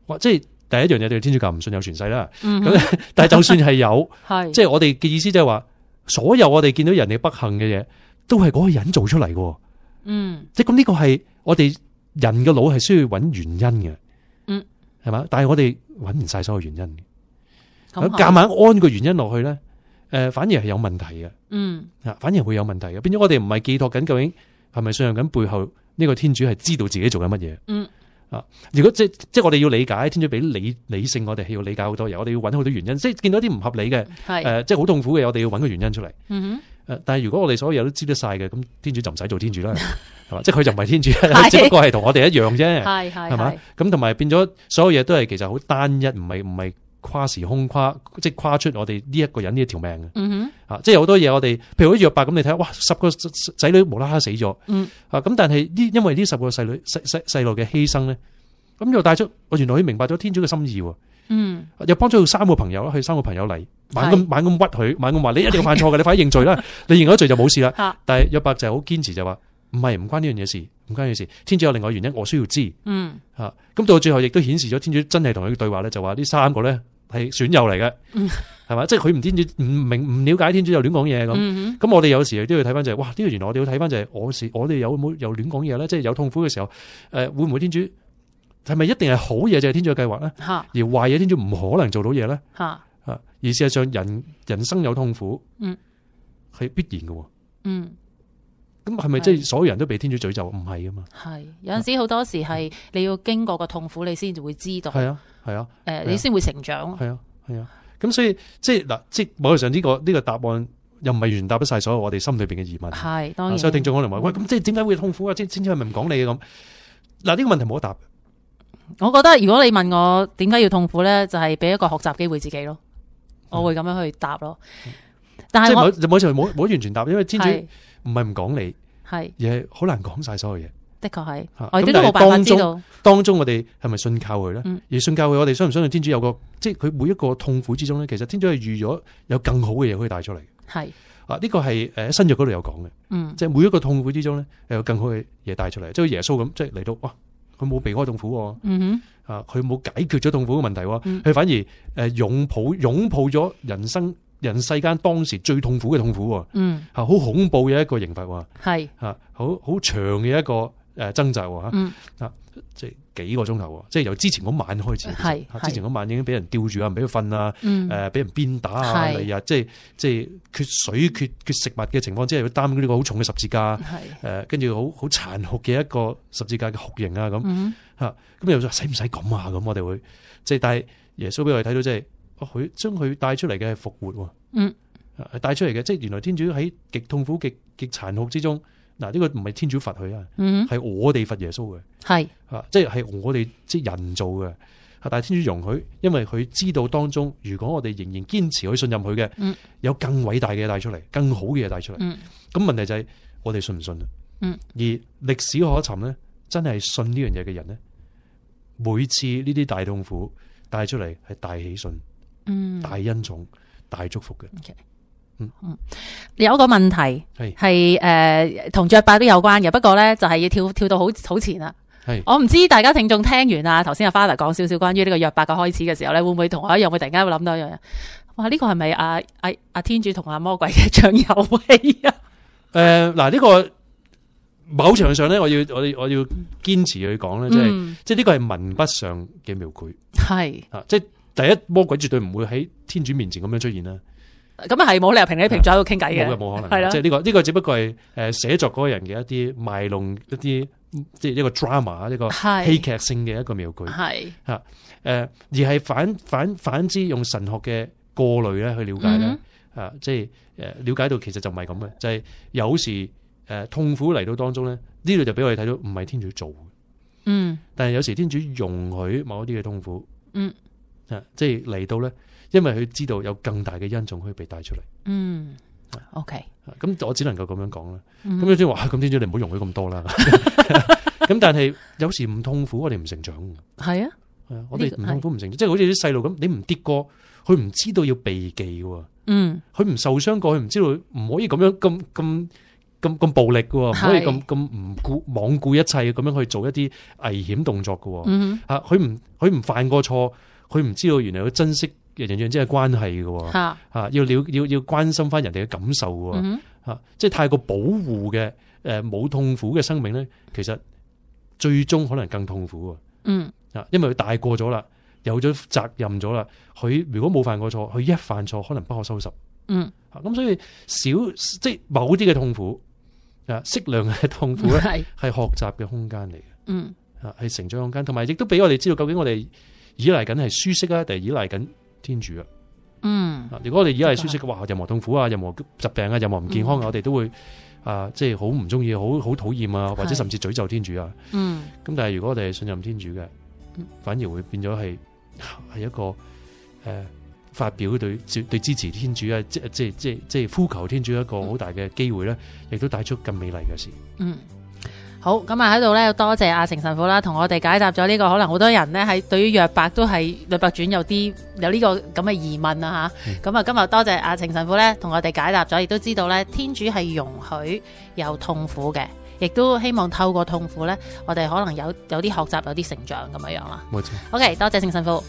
哇！即係第一樣嘢，就天主教唔信有前世啦。咁、嗯哼， 但係就算係有， 是即係我哋嘅意思即係話，所有我哋見到人哋不幸嘅嘢，都係嗰個人做出嚟嘅。嗯，即係咁呢個係我哋人嘅腦係需要揾原因嘅。嗯，係嘛？但係我哋揾唔晒所有原因嘅。夾、嗯、硬硬安個原因落去咧？誒、呃，反而係有問題嘅，嗯啊，反而會有問題嘅。變咗我哋唔係寄託緊，究竟係咪信任緊背後呢個天主係知道自己做緊乜嘢？嗯啊，如果即即我哋要理解天主俾理理性，我哋係要理解好多嘢，我哋要搵好多原因。即見到啲唔合理嘅，係誒是、呃，即好痛苦嘅，我哋要搵個原因出嚟、嗯哼呃。但係如果我哋所有嘢都知得晒嘅，咁天主就唔使做天主啦，係嘛？ 即佢就唔係天主， 是只不過係同我哋一樣啫。係係係嘛？咁同埋變咗所有嘢都係其實好單一，唔係唔係。跨時空跨即係跨出我哋呢一個人呢一條命嘅，嗯、哼即係好多嘢我哋，譬如好似約伯咁，你睇下，哇，十個仔女無啦啦死咗，吓咁、嗯，但係呢因為呢十個細女細細細路嘅犧牲咧，咁又帶出我原來可以明白咗天主嘅心意，嗯，又幫咗佢三個朋友去三個朋友嚟，猛咁猛咁屈佢，猛咁話你一定要犯錯嘅，是 你快啲認罪啦，你認咗罪就冇事啦，但係約伯就係好堅持就話唔係唔關呢樣嘢事，唔關呢樣事，天主有另外原因，我需要知，嗯，吓咁、啊、到最後亦都顯示咗天主真係同佢對話咧，就話呢三個咧。係損友嚟嘅，係嘛？ 即係佢唔天主唔明唔了解天主又亂講嘢咁。咁、嗯、哼我哋有時都要睇翻就係、是，哇！呢、這個原來我哋要睇翻就係，我我哋有冇又亂講嘢咧？即係、就是、有痛苦嘅時候，誒、呃，會唔會天主係咪一定係好嘢就係、是、天主嘅計劃咧？吓哈，而壞嘢天主唔可能做到嘢咧？吓哈，而事實上人人生有痛苦，嗯，係必然嘅。嗯。咁係咪即係所有人都俾天主詛咒？唔係啊嘛。係有陣時好多時係你要經過個痛苦，你先至會知道。係啊，係啊，誒、啊，啊啊、你先會成長。係啊，係啊。咁、啊啊啊、所以即係嗱，即係某意義上呢、這個呢、這個答案又唔係完答得晒所有我哋心裏邊嘅疑問。係，當然啊、所以聽眾可能問：喂，咁即係點解會痛苦啊？即係天主咪唔講你咁？嗱，呢、這個問題冇得答。我覺得如果你問我點解要痛苦咧，就係、是、俾一個學習機會自己咯。我會咁樣去答咯。嗯、但係即冇冇完全答，因為天主。唔係唔講你，係，而係好難講晒所有嘢，的確係，我亦都冇辦法知道。當中，當中我哋係咪信靠佢咧？嗯、而信靠佢，我哋信唔信？天主有個，即係佢每一個痛苦之中咧，其實天主係預咗有更好嘅嘢可以帶出嚟。係的啊，呢、這個係誒新約嗰度有講嘅，嗯、即係每一個痛苦之中咧，有更好嘅嘢帶出嚟。即係耶穌咁，即係嚟到，哇，佢冇避開痛苦、啊，嗯哼，啊，佢冇解決咗痛苦嘅問題、啊，佢、嗯、反而誒擁抱擁抱咗人生。人世間當時最痛苦嘅痛苦，嗯，係好恐怖嘅一個刑罰，係吓是，好好長嘅一個誒掙扎吓，啊、嗯，即係幾個鐘頭，即係由之前嗰晚開始，係，是之前嗰晚已經俾人吊住啊，唔俾佢瞓啊，誒、嗯，俾人鞭打是你啊，日日即係即係缺水、缺缺食物嘅情況之下，要擔呢個好重嘅十字架，係是，誒，跟住好好殘酷嘅一個十字架嘅酷刑、嗯、啊，咁吓，咁又使唔使咁啊？咁我哋會即係，但係耶穌俾我哋睇到即係。佢將佢帶出嚟嘅係復活的，嗯，係帶出嚟嘅，即係原來天主喺極痛苦、極極殘酷之中，嗱、這、呢個唔係天主罰佢啊，係、嗯、我哋罰耶穌嘅，係是，啊，即係我哋即係人做嘅，啊，但係天主容許，因為佢知道當中，如果我哋仍然堅持去信任佢嘅，嗯、有更偉大嘅嘢帶出嚟，更好嘅嘢帶出嚟，咁、嗯、問題就係我哋信唔信啊？嗯、而歷史可尋咧，真係信呢樣嘢嘅人咧，每次呢啲大痛苦帶出嚟係大喜信。嗯，大恩重，大祝福嘅。嗯嗯，有一個問題係係誒，同約伯都有關嘅。不過咧，就係、是、要跳跳到好好前啦。係是我唔知大家聽眾聽完啊，頭先阿 Father 講少少關於呢個約伯嘅開始嘅時候咧，會唔會同我一樣，會突然間會諗到一樣嘢。哇，呢、這個係咪阿阿阿天主同阿、啊、魔鬼嘅唱遊戲啊？誒、呃，嗱，呢個某場上咧，我要我我要堅持去講咧，即係即係呢個係文筆上嘅描繪。係即係。第一魔鬼絕對唔會喺天主面前咁樣出現啦。咁係係冇理由平起平坐喺度傾偈嘅，冇嘅，冇可能係啦。的即係呢、這個呢、這個只不過係誒寫作嗰個人嘅一啲賣弄一啲，即係一個 drama 一個戲劇性嘅一個妙句係吓誒，而係反反反之用神學嘅過濾咧去了解啦、嗯啊、即係誒了解到其實就唔係咁嘅，就係、是、有時誒痛苦嚟到當中咧呢度就俾我哋睇到唔係天主做嗯，但係有時天主容許某一啲嘅痛苦，嗯。即係嚟到咧，因為佢知道有更大嘅恩仲可以被帶出嚟。嗯，OK，咁我只能夠咁樣講啦。咁啲人話，咁啲人你唔好容許咁多啦。咁但係有時唔痛苦，我哋唔成長。係啊，係啊，我哋唔痛苦唔成長，即係好似啲細路咁，你唔跌過，佢唔知道要避忌嘅。嗯，佢唔受傷過，佢唔知道唔可以咁樣咁咁咁咁暴力嘅，唔可以咁咁唔顧罔顧一切咁樣去做一啲危險動作嘅。嗯，啊，佢唔佢唔犯過錯。佢唔知道，原來佢珍惜嘅與人之間嘅關係嘅、啊，吓吓、啊啊、要了要要關心翻人哋嘅感受嘅、啊，吓、嗯哼啊、即係太過保護嘅，誒、呃、冇痛苦嘅生命咧，其實最終可能更痛苦、啊。嗯啊，因為佢大個咗啦，有咗責任咗啦，佢如果冇犯過錯，佢一犯錯可能不可收拾。嗯，咁、啊、所以少即係某啲嘅痛苦，啊適量嘅痛苦咧係是學習嘅空間嚟嘅，嗯啊係成長空間，同埋亦都俾我哋知道究竟我哋。依賴緊係舒適啊，定係依賴緊天主啊？嗯，如果我哋依賴舒適嘅話，任何痛苦啊，任何疾病啊，任何唔健康啊，嗯、我哋都會啊，即係好唔中意，好好討厭啊，或者甚至詛咒天主啊。嗯。咁但係如果我哋係信任天主嘅，反而會變咗係係一個誒、呃、發表對對支持天主啊，即即即即呼求天主一個好大嘅機會咧，嗯、亦都帶出咁美麗嘅事。嗯。好咁啊，喺度咧要多謝阿程神父啦，同我哋解答咗呢個可能好多人咧喺對於約伯都係約伯傳有啲有呢個咁嘅疑問啊吓，咁啊、嗯、今日多謝阿程神父咧同我哋解答咗，亦都知道咧天主係容許有痛苦嘅，亦都希望透過痛苦咧，我哋可能有有啲學習，有啲成長咁樣樣啦。冇錯。Okay，多謝程神父。